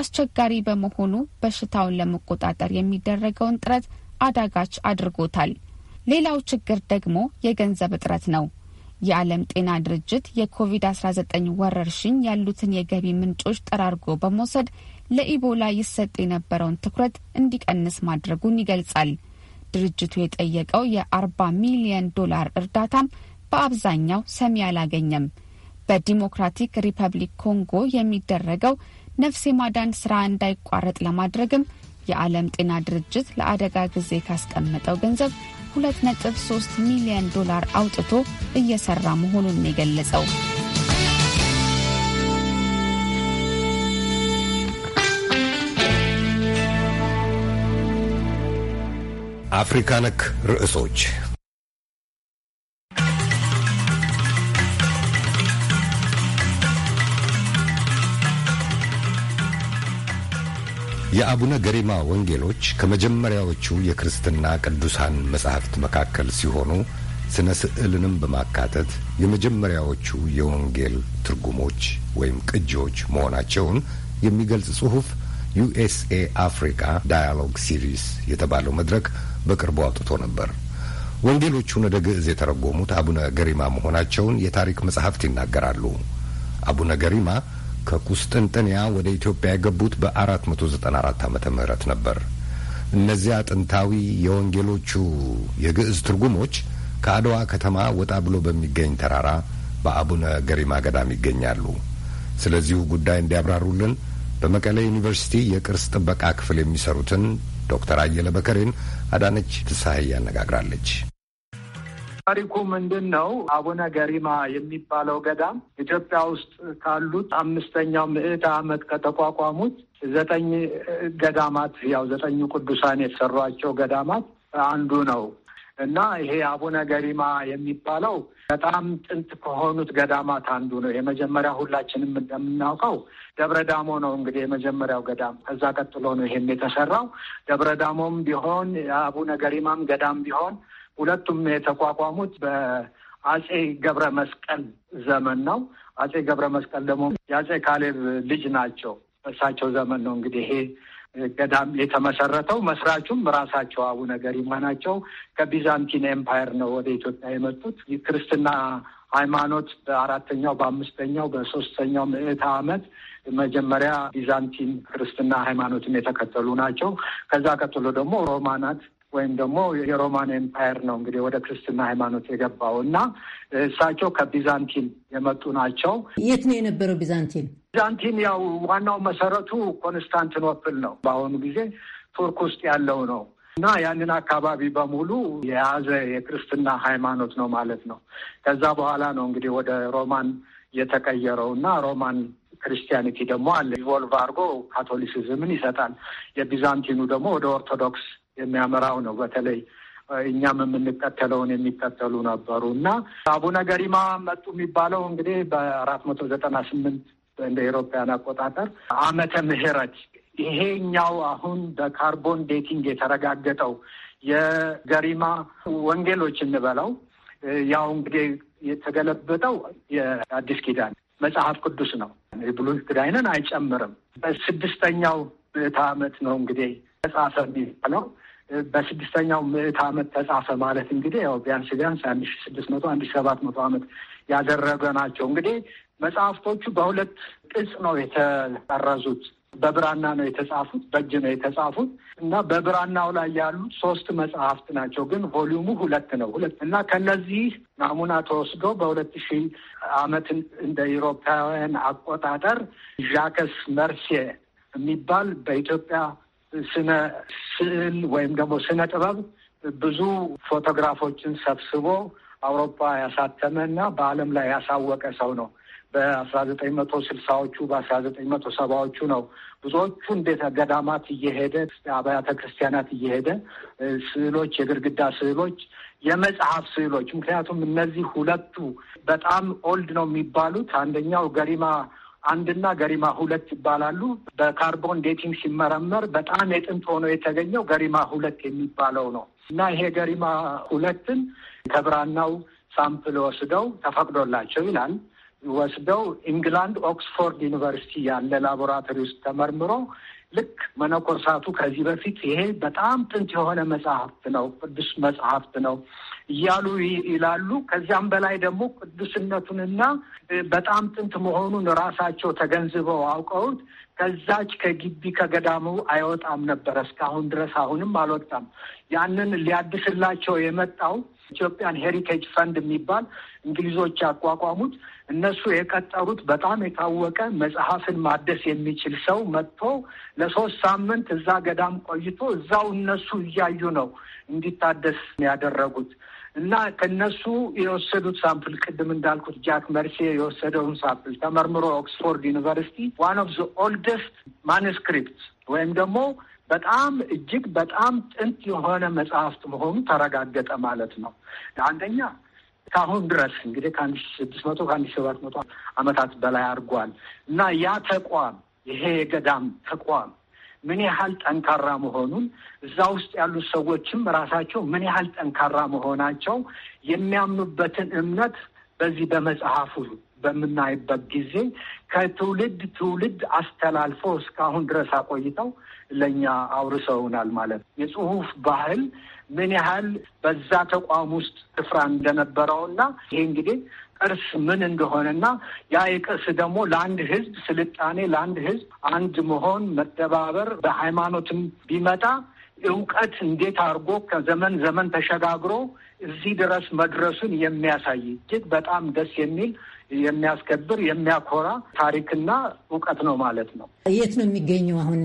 አስቸጋሪ በመሆኑ በሽታውን ለመቆጣጠር የሚደረገውን ጥረት አዳጋች አድርጎታል። ሌላው ችግር ደግሞ የገንዘብ እጥረት ነው። የዓለም ጤና ድርጅት የኮቪድ-19 ወረርሽኝ ያሉትን የገቢ ምንጮች ጠራርጎ በመውሰድ ለኢቦላ ይሰጥ የነበረውን ትኩረት እንዲቀንስ ማድረጉን ይገልጻል። ድርጅቱ የጠየቀው የ40 ሚሊየን ዶላር እርዳታም በአብዛኛው ሰሚ አላገኘም። በዲሞክራቲክ ሪፐብሊክ ኮንጎ የሚደረገው ነፍስ የማዳን ስራ እንዳይቋረጥ ለማድረግም የዓለም ጤና ድርጅት ለአደጋ ጊዜ ካስቀመጠው ገንዘብ 2.3 ሚሊዮን ዶላር አውጥቶ እየሰራ መሆኑን የገለጸው አፍሪካ ነክ ርዕሶች የአቡነ ገሪማ ወንጌሎች ከመጀመሪያዎቹ የክርስትና ቅዱሳን መጻሕፍት መካከል ሲሆኑ ስነ ስዕልንም በማካተት የመጀመሪያዎቹ የወንጌል ትርጉሞች ወይም ቅጂዎች መሆናቸውን የሚገልጽ ጽሑፍ ዩኤስኤ አፍሪካ ዳያሎግ ሲሪስ የተባለው መድረክ በቅርቡ አውጥቶ ነበር። ወንጌሎቹን ወደ ግዕዝ የተረጎሙት አቡነ ገሪማ መሆናቸውን የታሪክ መጻሕፍት ይናገራሉ። አቡነ ገሪማ ከቁስጥንጥንያ ወደ ኢትዮጵያ የገቡት በ494 ዓመተ ምህረት ነበር። እነዚያ ጥንታዊ የወንጌሎቹ የግዕዝ ትርጉሞች ከአድዋ ከተማ ወጣ ብሎ በሚገኝ ተራራ በአቡነ ገሪማ ገዳም ይገኛሉ። ስለዚሁ ጉዳይ እንዲያብራሩልን በመቀለ ዩኒቨርሲቲ የቅርስ ጥበቃ ክፍል የሚሰሩትን ዶክተር አየለ በከሬን አዳነች ፍስሐዬ ያነጋግራለች። ታሪኩ ምንድን ነው? አቡነ ገሪማ የሚባለው ገዳም ኢትዮጵያ ውስጥ ካሉት አምስተኛው ምዕተ ዓመት ከተቋቋሙት ዘጠኝ ገዳማት ያው ዘጠኙ ቅዱሳን የተሰሯቸው ገዳማት አንዱ ነው እና ይሄ አቡነ ገሪማ የሚባለው በጣም ጥንት ከሆኑት ገዳማት አንዱ ነው። የመጀመሪያ ሁላችንም እንደምናውቀው ደብረ ዳሞ ነው እንግዲህ የመጀመሪያው ገዳም። ከዛ ቀጥሎ ነው ይሄም የተሰራው። ደብረ ዳሞም ቢሆን አቡነ ገሪማም ገዳም ቢሆን ሁለቱም የተቋቋሙት በአጼ ገብረ መስቀል ዘመን ነው። አጼ ገብረ መስቀል ደግሞ የአጼ ካሌብ ልጅ ናቸው። እሳቸው ዘመን ነው እንግዲህ ይሄ ገዳም የተመሰረተው። መስራቹም ራሳቸው አቡነ ገሪማ ናቸው። ከቢዛንቲን ኤምፓየር ነው ወደ ኢትዮጵያ የመጡት የክርስትና ሃይማኖት በአራተኛው በአምስተኛው በሶስተኛው ምዕተ ዓመት መጀመሪያ ቢዛንቲን ክርስትና ሃይማኖትን የተከተሉ ናቸው። ከዛ ቀጥሎ ደግሞ ሮማናት ወይም ደግሞ የሮማን ኤምፓየር ነው እንግዲህ ወደ ክርስትና ሃይማኖት የገባው እና እሳቸው ከቢዛንቲን የመጡ ናቸው። የት ነው የነበረው ቢዛንቲን? ቢዛንቲን ያው ዋናው መሰረቱ ኮንስታንቲኖፕል ነው፣ በአሁኑ ጊዜ ቱርክ ውስጥ ያለው ነው እና ያንን አካባቢ በሙሉ የያዘ የክርስትና ሃይማኖት ነው ማለት ነው። ከዛ በኋላ ነው እንግዲህ ወደ ሮማን የተቀየረው እና ሮማን ክርስቲያኒቲ ደግሞ አለ ኢቮልቭ አድርጎ ካቶሊሲዝምን ይሰጣል። የቢዛንቲኑ ደግሞ ወደ ኦርቶዶክስ የሚያመራው ነው። በተለይ እኛም የምንከተለውን የሚከተሉ ነበሩ እና አቡነ ገሪማ መጡ የሚባለው እንግዲህ በአራት መቶ ዘጠና ስምንት እንደ ኤሮፓያን አቆጣጠር አመተ ምህረት ይሄኛው አሁን በካርቦን ዴቲንግ የተረጋገጠው የገሪማ ወንጌሎች እንበለው ያው እንግዲህ የተገለበጠው የአዲስ ኪዳን መጽሐፍ ቅዱስ ነው። የብሉይ ኪዳንን አይጨምርም። በስድስተኛው ምዕተ ዓመት ነው እንግዲህ ተጻፈ የሚባለው በስድስተኛው ምዕት ዓመት ተጻፈ ማለት እንግዲህ ያው ቢያንስ ቢያንስ አንድ ሺ ስድስት መቶ አንድ ሺ ሰባት መቶ ዓመት ያደረገ ናቸው። እንግዲህ መጽሐፍቶቹ በሁለት ቅጽ ነው የተጠረዙት። በብራና ነው የተጻፉት፣ በእጅ ነው የተጻፉት እና በብራናው ላይ ያሉት ሶስት መጽሐፍት ናቸው። ግን ቮሊዩሙ ሁለት ነው ሁለት እና ከነዚህ ናሙና ተወስዶ በሁለት ሺህ ዓመት እንደ ኢሮፓውያን አቆጣጠር ዣከስ መርሴ የሚባል በኢትዮጵያ ስነ ስዕል ወይም ደግሞ ስነ ጥበብ ብዙ ፎቶግራፎችን ሰብስቦ አውሮፓ ያሳተመ እና በዓለም ላይ ያሳወቀ ሰው ነው። በአስራ ዘጠኝ መቶ ስልሳዎቹ በአስራ ዘጠኝ መቶ ሰባዎቹ ነው ብዙዎቹን ቤተ ገዳማት እየሄደ አብያተ ክርስቲያናት እየሄደ ስዕሎች፣ የግድግዳ ስዕሎች፣ የመጽሐፍ ስዕሎች ምክንያቱም እነዚህ ሁለቱ በጣም ኦልድ ነው የሚባሉት አንደኛው ገሪማ አንድና ገሪማ ሁለት ይባላሉ። በካርቦን ዴቲንግ ሲመረመር በጣም የጥንት ሆኖ የተገኘው ገሪማ ሁለት የሚባለው ነው እና ይሄ ገሪማ ሁለትን ከብራናው ሳምፕል ወስደው ተፈቅዶላቸው ይላል ወስደው ኢንግላንድ ኦክስፎርድ ዩኒቨርሲቲ ያለ ላቦራቶሪ ውስጥ ተመርምሮ ልክ መነኮሳቱ ከዚህ በፊት ይሄ በጣም ጥንት የሆነ መጽሐፍት ነው፣ ቅዱስ መጽሐፍት ነው እያሉ ይላሉ። ከዚያም በላይ ደግሞ ቅዱስነቱንና በጣም ጥንት መሆኑን ራሳቸው ተገንዝበው አውቀውት ከዛች ከግቢ ከገዳሙ አይወጣም ነበረ እስካሁን ድረስ አሁንም አልወጣም። ያንን ሊያድስላቸው የመጣው ኢትዮጵያን ሄሪቴጅ ፈንድ የሚባል እንግሊዞች ያቋቋሙት እነሱ የቀጠሩት በጣም የታወቀ መጽሐፍን ማደስ የሚችል ሰው መጥቶ ለሶስት ሳምንት እዛ ገዳም ቆይቶ እዛው እነሱ እያዩ ነው እንዲታደስ ያደረጉት እና ከነሱ የወሰዱት ሳምፕል ቅድም እንዳልኩት ጃክ መርሴ የወሰደውን ሳምፕል ተመርምሮ ኦክስፎርድ ዩኒቨርሲቲ ዋን ኦፍ ዘ ኦልደስት ማኑስክሪፕት ወይም ደግሞ በጣም እጅግ በጣም ጥንት የሆነ መጽሐፍት መሆኑ ተረጋገጠ ማለት ነው። አንደኛ ከአሁን ድረስ እንግዲህ ከአንድ ሺህ ስድስት መቶ ከአንድ ሰባት መቶ ዓመታት በላይ አድርጓል እና ያ ተቋም ይሄ የገዳም ተቋም ምን ያህል ጠንካራ መሆኑን እዛ ውስጥ ያሉት ሰዎችም ራሳቸው ምን ያህል ጠንካራ መሆናቸው የሚያምኑበትን እምነት በዚህ በመጽሐፉ በምናይበት ጊዜ ከትውልድ ትውልድ አስተላልፎ እስካሁን ድረስ አቆይተው ለእኛ አውርሰውናል ማለት ነው። የጽሁፍ ባህል ምን ያህል በዛ ተቋም ውስጥ ስፍራ እንደነበረውና ይሄ እንግዲህ ቅርስ ምን እንደሆነና ያ የቅርስ ደግሞ ለአንድ ህዝብ ስልጣኔ ለአንድ ህዝብ አንድ መሆን መደባበር፣ በሃይማኖትም ቢመጣ እውቀት እንዴት አድርጎ ከዘመን ዘመን ተሸጋግሮ እዚህ ድረስ መድረሱን የሚያሳይ እጅግ በጣም ደስ የሚል የሚያስከብር የሚያኮራ ታሪክና እውቀት ነው ማለት ነው። የት ነው የሚገኘው? አሁን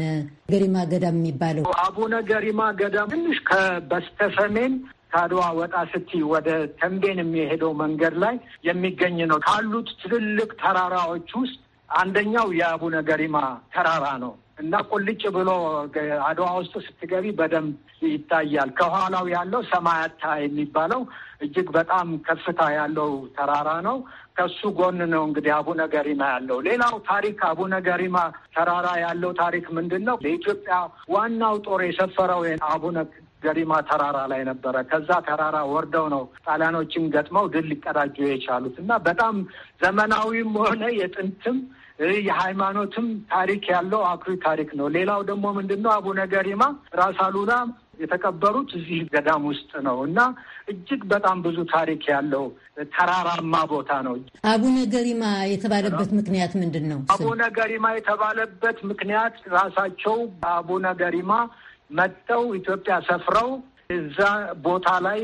ገሪማ ገዳም የሚባለው አቡነ ገሪማ ገዳም ትንሽ ከበስተሰሜን ታድዋ ወጣ ስቲ ወደ ተንቤን የሚሄደው መንገድ ላይ የሚገኝ ነው። ካሉት ትልልቅ ተራራዎች ውስጥ አንደኛው የአቡነ ገሪማ ተራራ ነው። እና ቁልጭ ብሎ አድዋ ውስጥ ስትገቢ በደንብ ይታያል። ከኋላው ያለው ሰማያታ የሚባለው እጅግ በጣም ከፍታ ያለው ተራራ ነው። ከሱ ጎን ነው እንግዲህ አቡነ ገሪማ ያለው። ሌላው ታሪክ አቡነ ገሪማ ተራራ ያለው ታሪክ ምንድን ነው? ለኢትዮጵያ ዋናው ጦር የሰፈረው አቡነ ገሪማ ተራራ ላይ ነበረ። ከዛ ተራራ ወርደው ነው ጣሊያኖችን ገጥመው ድል ሊቀዳጁ የቻሉት እና በጣም ዘመናዊም ሆነ የጥንትም የሃይማኖትም ታሪክ ያለው አኩሪ ታሪክ ነው። ሌላው ደግሞ ምንድን ነው አቡነ ገሪማ ራስ አሉላ የተቀበሩት እዚህ ገዳም ውስጥ ነው እና እጅግ በጣም ብዙ ታሪክ ያለው ተራራማ ቦታ ነው። አቡነ ገሪማ የተባለበት ምክንያት ምንድን ነው? አቡነ ገሪማ የተባለበት ምክንያት ራሳቸው አቡነ ገሪማ መጥተው ኢትዮጵያ ሰፍረው እዛ ቦታ ላይ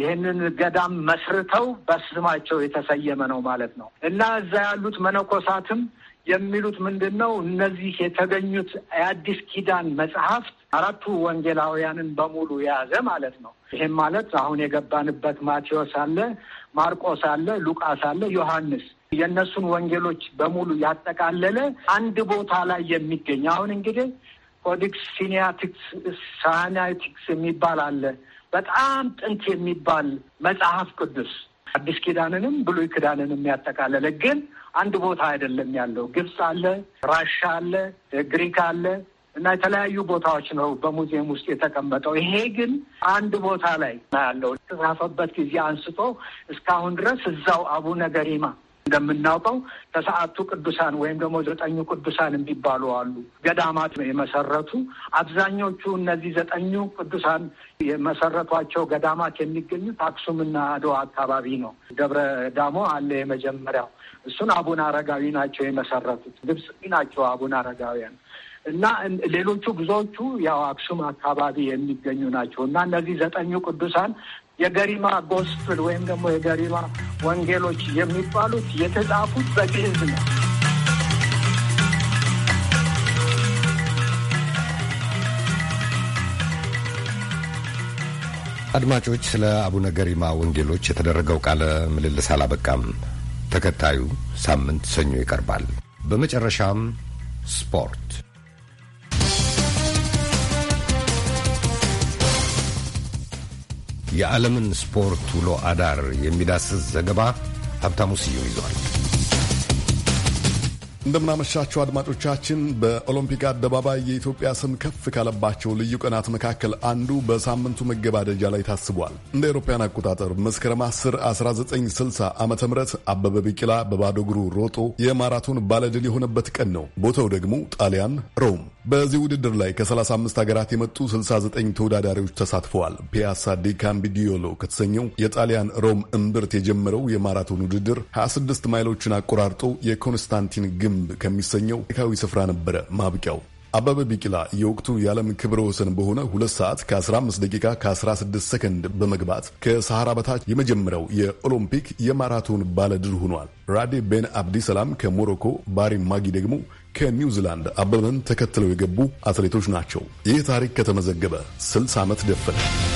ይህንን ገዳም መስርተው በስማቸው የተሰየመ ነው ማለት ነው እና እዛ ያሉት መነኮሳትም የሚሉት ምንድን ነው? እነዚህ የተገኙት የአዲስ ኪዳን መጽሐፍት አራቱ ወንጌላውያንን በሙሉ የያዘ ማለት ነው። ይህም ማለት አሁን የገባንበት ማቴዎስ አለ፣ ማርቆስ አለ፣ ሉቃስ አለ፣ ዮሐንስ የእነሱን ወንጌሎች በሙሉ ያጠቃለለ አንድ ቦታ ላይ የሚገኝ አሁን እንግዲህ ኮዲክስ ሲኒያቲክስ ሳናቲክስ የሚባል አለ። በጣም ጥንት የሚባል መጽሐፍ ቅዱስ አዲስ ኪዳንንም ብሉይ ኪዳንንም ያጠቃለለ ግን አንድ ቦታ አይደለም ያለው። ግብፅ አለ፣ ራሻ አለ፣ ግሪክ አለ እና የተለያዩ ቦታዎች ነው በሙዚየም ውስጥ የተቀመጠው። ይሄ ግን አንድ ቦታ ላይ ያለው የተጻፈበት ጊዜ አንስቶ እስካሁን ድረስ እዛው አቡነ ገሪማ እንደምናውቀው ከሰዓቱ ቅዱሳን ወይም ደግሞ ዘጠኙ ቅዱሳን የሚባሉ አሉ። ገዳማት የመሰረቱ አብዛኞቹ እነዚህ ዘጠኙ ቅዱሳን የመሰረቷቸው ገዳማት የሚገኙት አክሱምና አድዋ አካባቢ ነው። ደብረ ዳሞ አለ የመጀመሪያው። እሱን አቡነ አረጋዊ ናቸው የመሰረቱት። ግብፅ ናቸው አቡነ አረጋውያን እና ሌሎቹ ብዙዎቹ ያው አክሱም አካባቢ የሚገኙ ናቸው። እና እነዚህ ዘጠኙ ቅዱሳን የገሪማ ጎስፕል ወይም ደግሞ የገሪማ ወንጌሎች የሚባሉት የተጻፉት በግዕዝ ነው። አድማጮች፣ ስለ አቡነ ገሪማ ወንጌሎች የተደረገው ቃለ ምልልስ አላበቃም። ተከታዩ ሳምንት ሰኞ ይቀርባል። በመጨረሻም ስፖርት የዓለምን ስፖርት ውሎ አዳር የሚዳስስ ዘገባ ሀብታሙ ስዩም ይዟል። እንደምናመሻችሁ አድማጮቻችን። በኦሎምፒክ አደባባይ የኢትዮጵያ ስም ከፍ ካለባቸው ልዩ ቀናት መካከል አንዱ በሳምንቱ መገባደጃ ላይ ታስቧል። እንደ አውሮፓውያን አቆጣጠር መስከረም 10 1960 ዓ ም አበበ ቢቂላ በባዶ እግሩ ሮጦ የማራቶን ባለድል የሆነበት ቀን ነው። ቦታው ደግሞ ጣሊያን ሮም። በዚህ ውድድር ላይ ከ35 ሀገራት የመጡ 69 ተወዳዳሪዎች ተሳትፈዋል። ፒያሳ ዲ ካምቢዲዮሎ ከተሰኘው የጣሊያን ሮም እምብርት የጀመረው የማራቶን ውድድር 26 ማይሎችን አቆራርጦ የኮንስታንቲን ግ ግንብ ከሚሰኘው ታሪካዊ ስፍራ ነበረ ማብቂያው። አበበ ቢቂላ የወቅቱ የዓለም ክብረ ወሰን በሆነ ሁለት ሰዓት ከ15 ደቂቃ ከ16 ሰከንድ በመግባት ከሰሐራ በታች የመጀመሪያው የኦሎምፒክ የማራቶን ባለድል ሆኗል። ራዴ ቤን አብዲ ሰላም ከሞሮኮ፣ ባሪ ማጊ ደግሞ ከኒውዚላንድ አበበን ተከትለው የገቡ አትሌቶች ናቸው። ይህ ታሪክ ከተመዘገበ 60 ዓመት ደፈነ።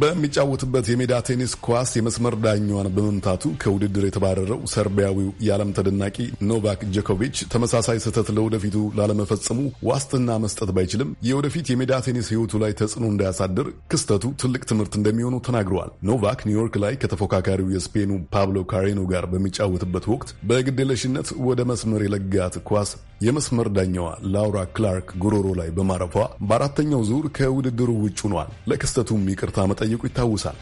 በሚጫወትበት የሜዳ ቴኒስ ኳስ የመስመር ዳኛዋን በመምታቱ ከውድድር የተባረረው ሰርቢያዊው የዓለም ተደናቂ ኖቫክ ጆኮቪች ተመሳሳይ ስህተት ለወደፊቱ ላለመፈጸሙ ዋስትና መስጠት ባይችልም የወደፊት የሜዳ ቴኒስ ሕይወቱ ላይ ተጽዕኖ እንዳያሳድር ክስተቱ ትልቅ ትምህርት እንደሚሆኑ ተናግረዋል። ኖቫክ ኒውዮርክ ላይ ከተፎካካሪው የስፔኑ ፓብሎ ካሬኖ ጋር በሚጫወትበት ወቅት በግዴለሽነት ወደ መስመር የለጋት ኳስ የመስመር ዳኛዋ ላውራ ክላርክ ጉሮሮ ላይ በማረፏ በአራተኛው ዙር ከውድድሩ ውጭ ሆኗል። ለክስተቱም ይቅርታ መጠየቁ ይታወሳል።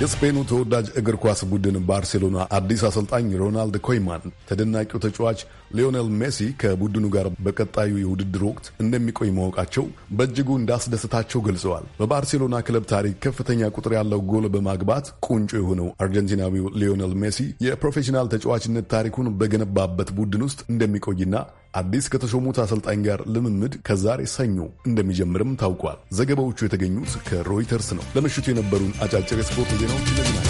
የስፔኑ ተወዳጅ እግር ኳስ ቡድን ባርሴሎና አዲስ አሰልጣኝ ሮናልድ ኮይማን ተደናቂው ተጫዋች ሊዮኔል ሜሲ ከቡድኑ ጋር በቀጣዩ የውድድር ወቅት እንደሚቆይ ማወቃቸው በእጅጉ እንዳስደሰታቸው ገልጸዋል። በባርሴሎና ክለብ ታሪክ ከፍተኛ ቁጥር ያለው ጎል በማግባት ቁንጮ የሆነው አርጀንቲናዊው ሊዮኔል ሜሲ የፕሮፌሽናል ተጫዋችነት ታሪኩን በገነባበት ቡድን ውስጥ እንደሚቆይና አዲስ ከተሾሙት አሰልጣኝ ጋር ልምምድ ከዛሬ ሰኞ እንደሚጀምርም ታውቋል። ዘገባዎቹ የተገኙት ከሮይተርስ ነው። ለምሽቱ የነበሩን አጫጭር የስፖርት ዜናዎች እነዚህ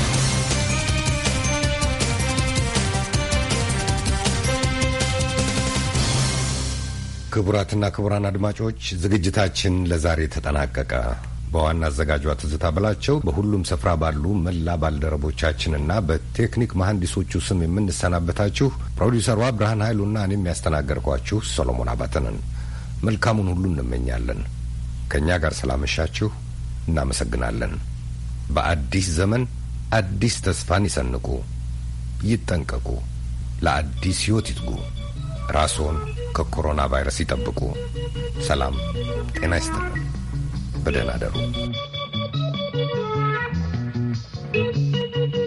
ክቡራትና ክቡራን አድማጮች ዝግጅታችን ለዛሬ ተጠናቀቀ። በዋና አዘጋጇ ትዝታ በላቸው በሁሉም ስፍራ ባሉ መላ ባልደረቦቻችንና በቴክኒክ መሐንዲሶቹ ስም የምንሰናበታችሁ ፕሮዲውሰሯ ብርሃን ኃይሉና እኔ የሚያስተናገርኳችሁ ሰሎሞን አባተንን መልካሙን ሁሉ እንመኛለን። ከእኛ ጋር ስላመሻችሁ እናመሰግናለን። በአዲስ ዘመን አዲስ ተስፋን ይሰንቁ፣ ይጠንቀቁ፣ ለአዲስ ሕይወት ይትጉ፣ ራስዎን ከኮሮና ቫይረስ ይጠብቁ። ሰላም ጤና ይስጥልን። ከበደን አደሩ።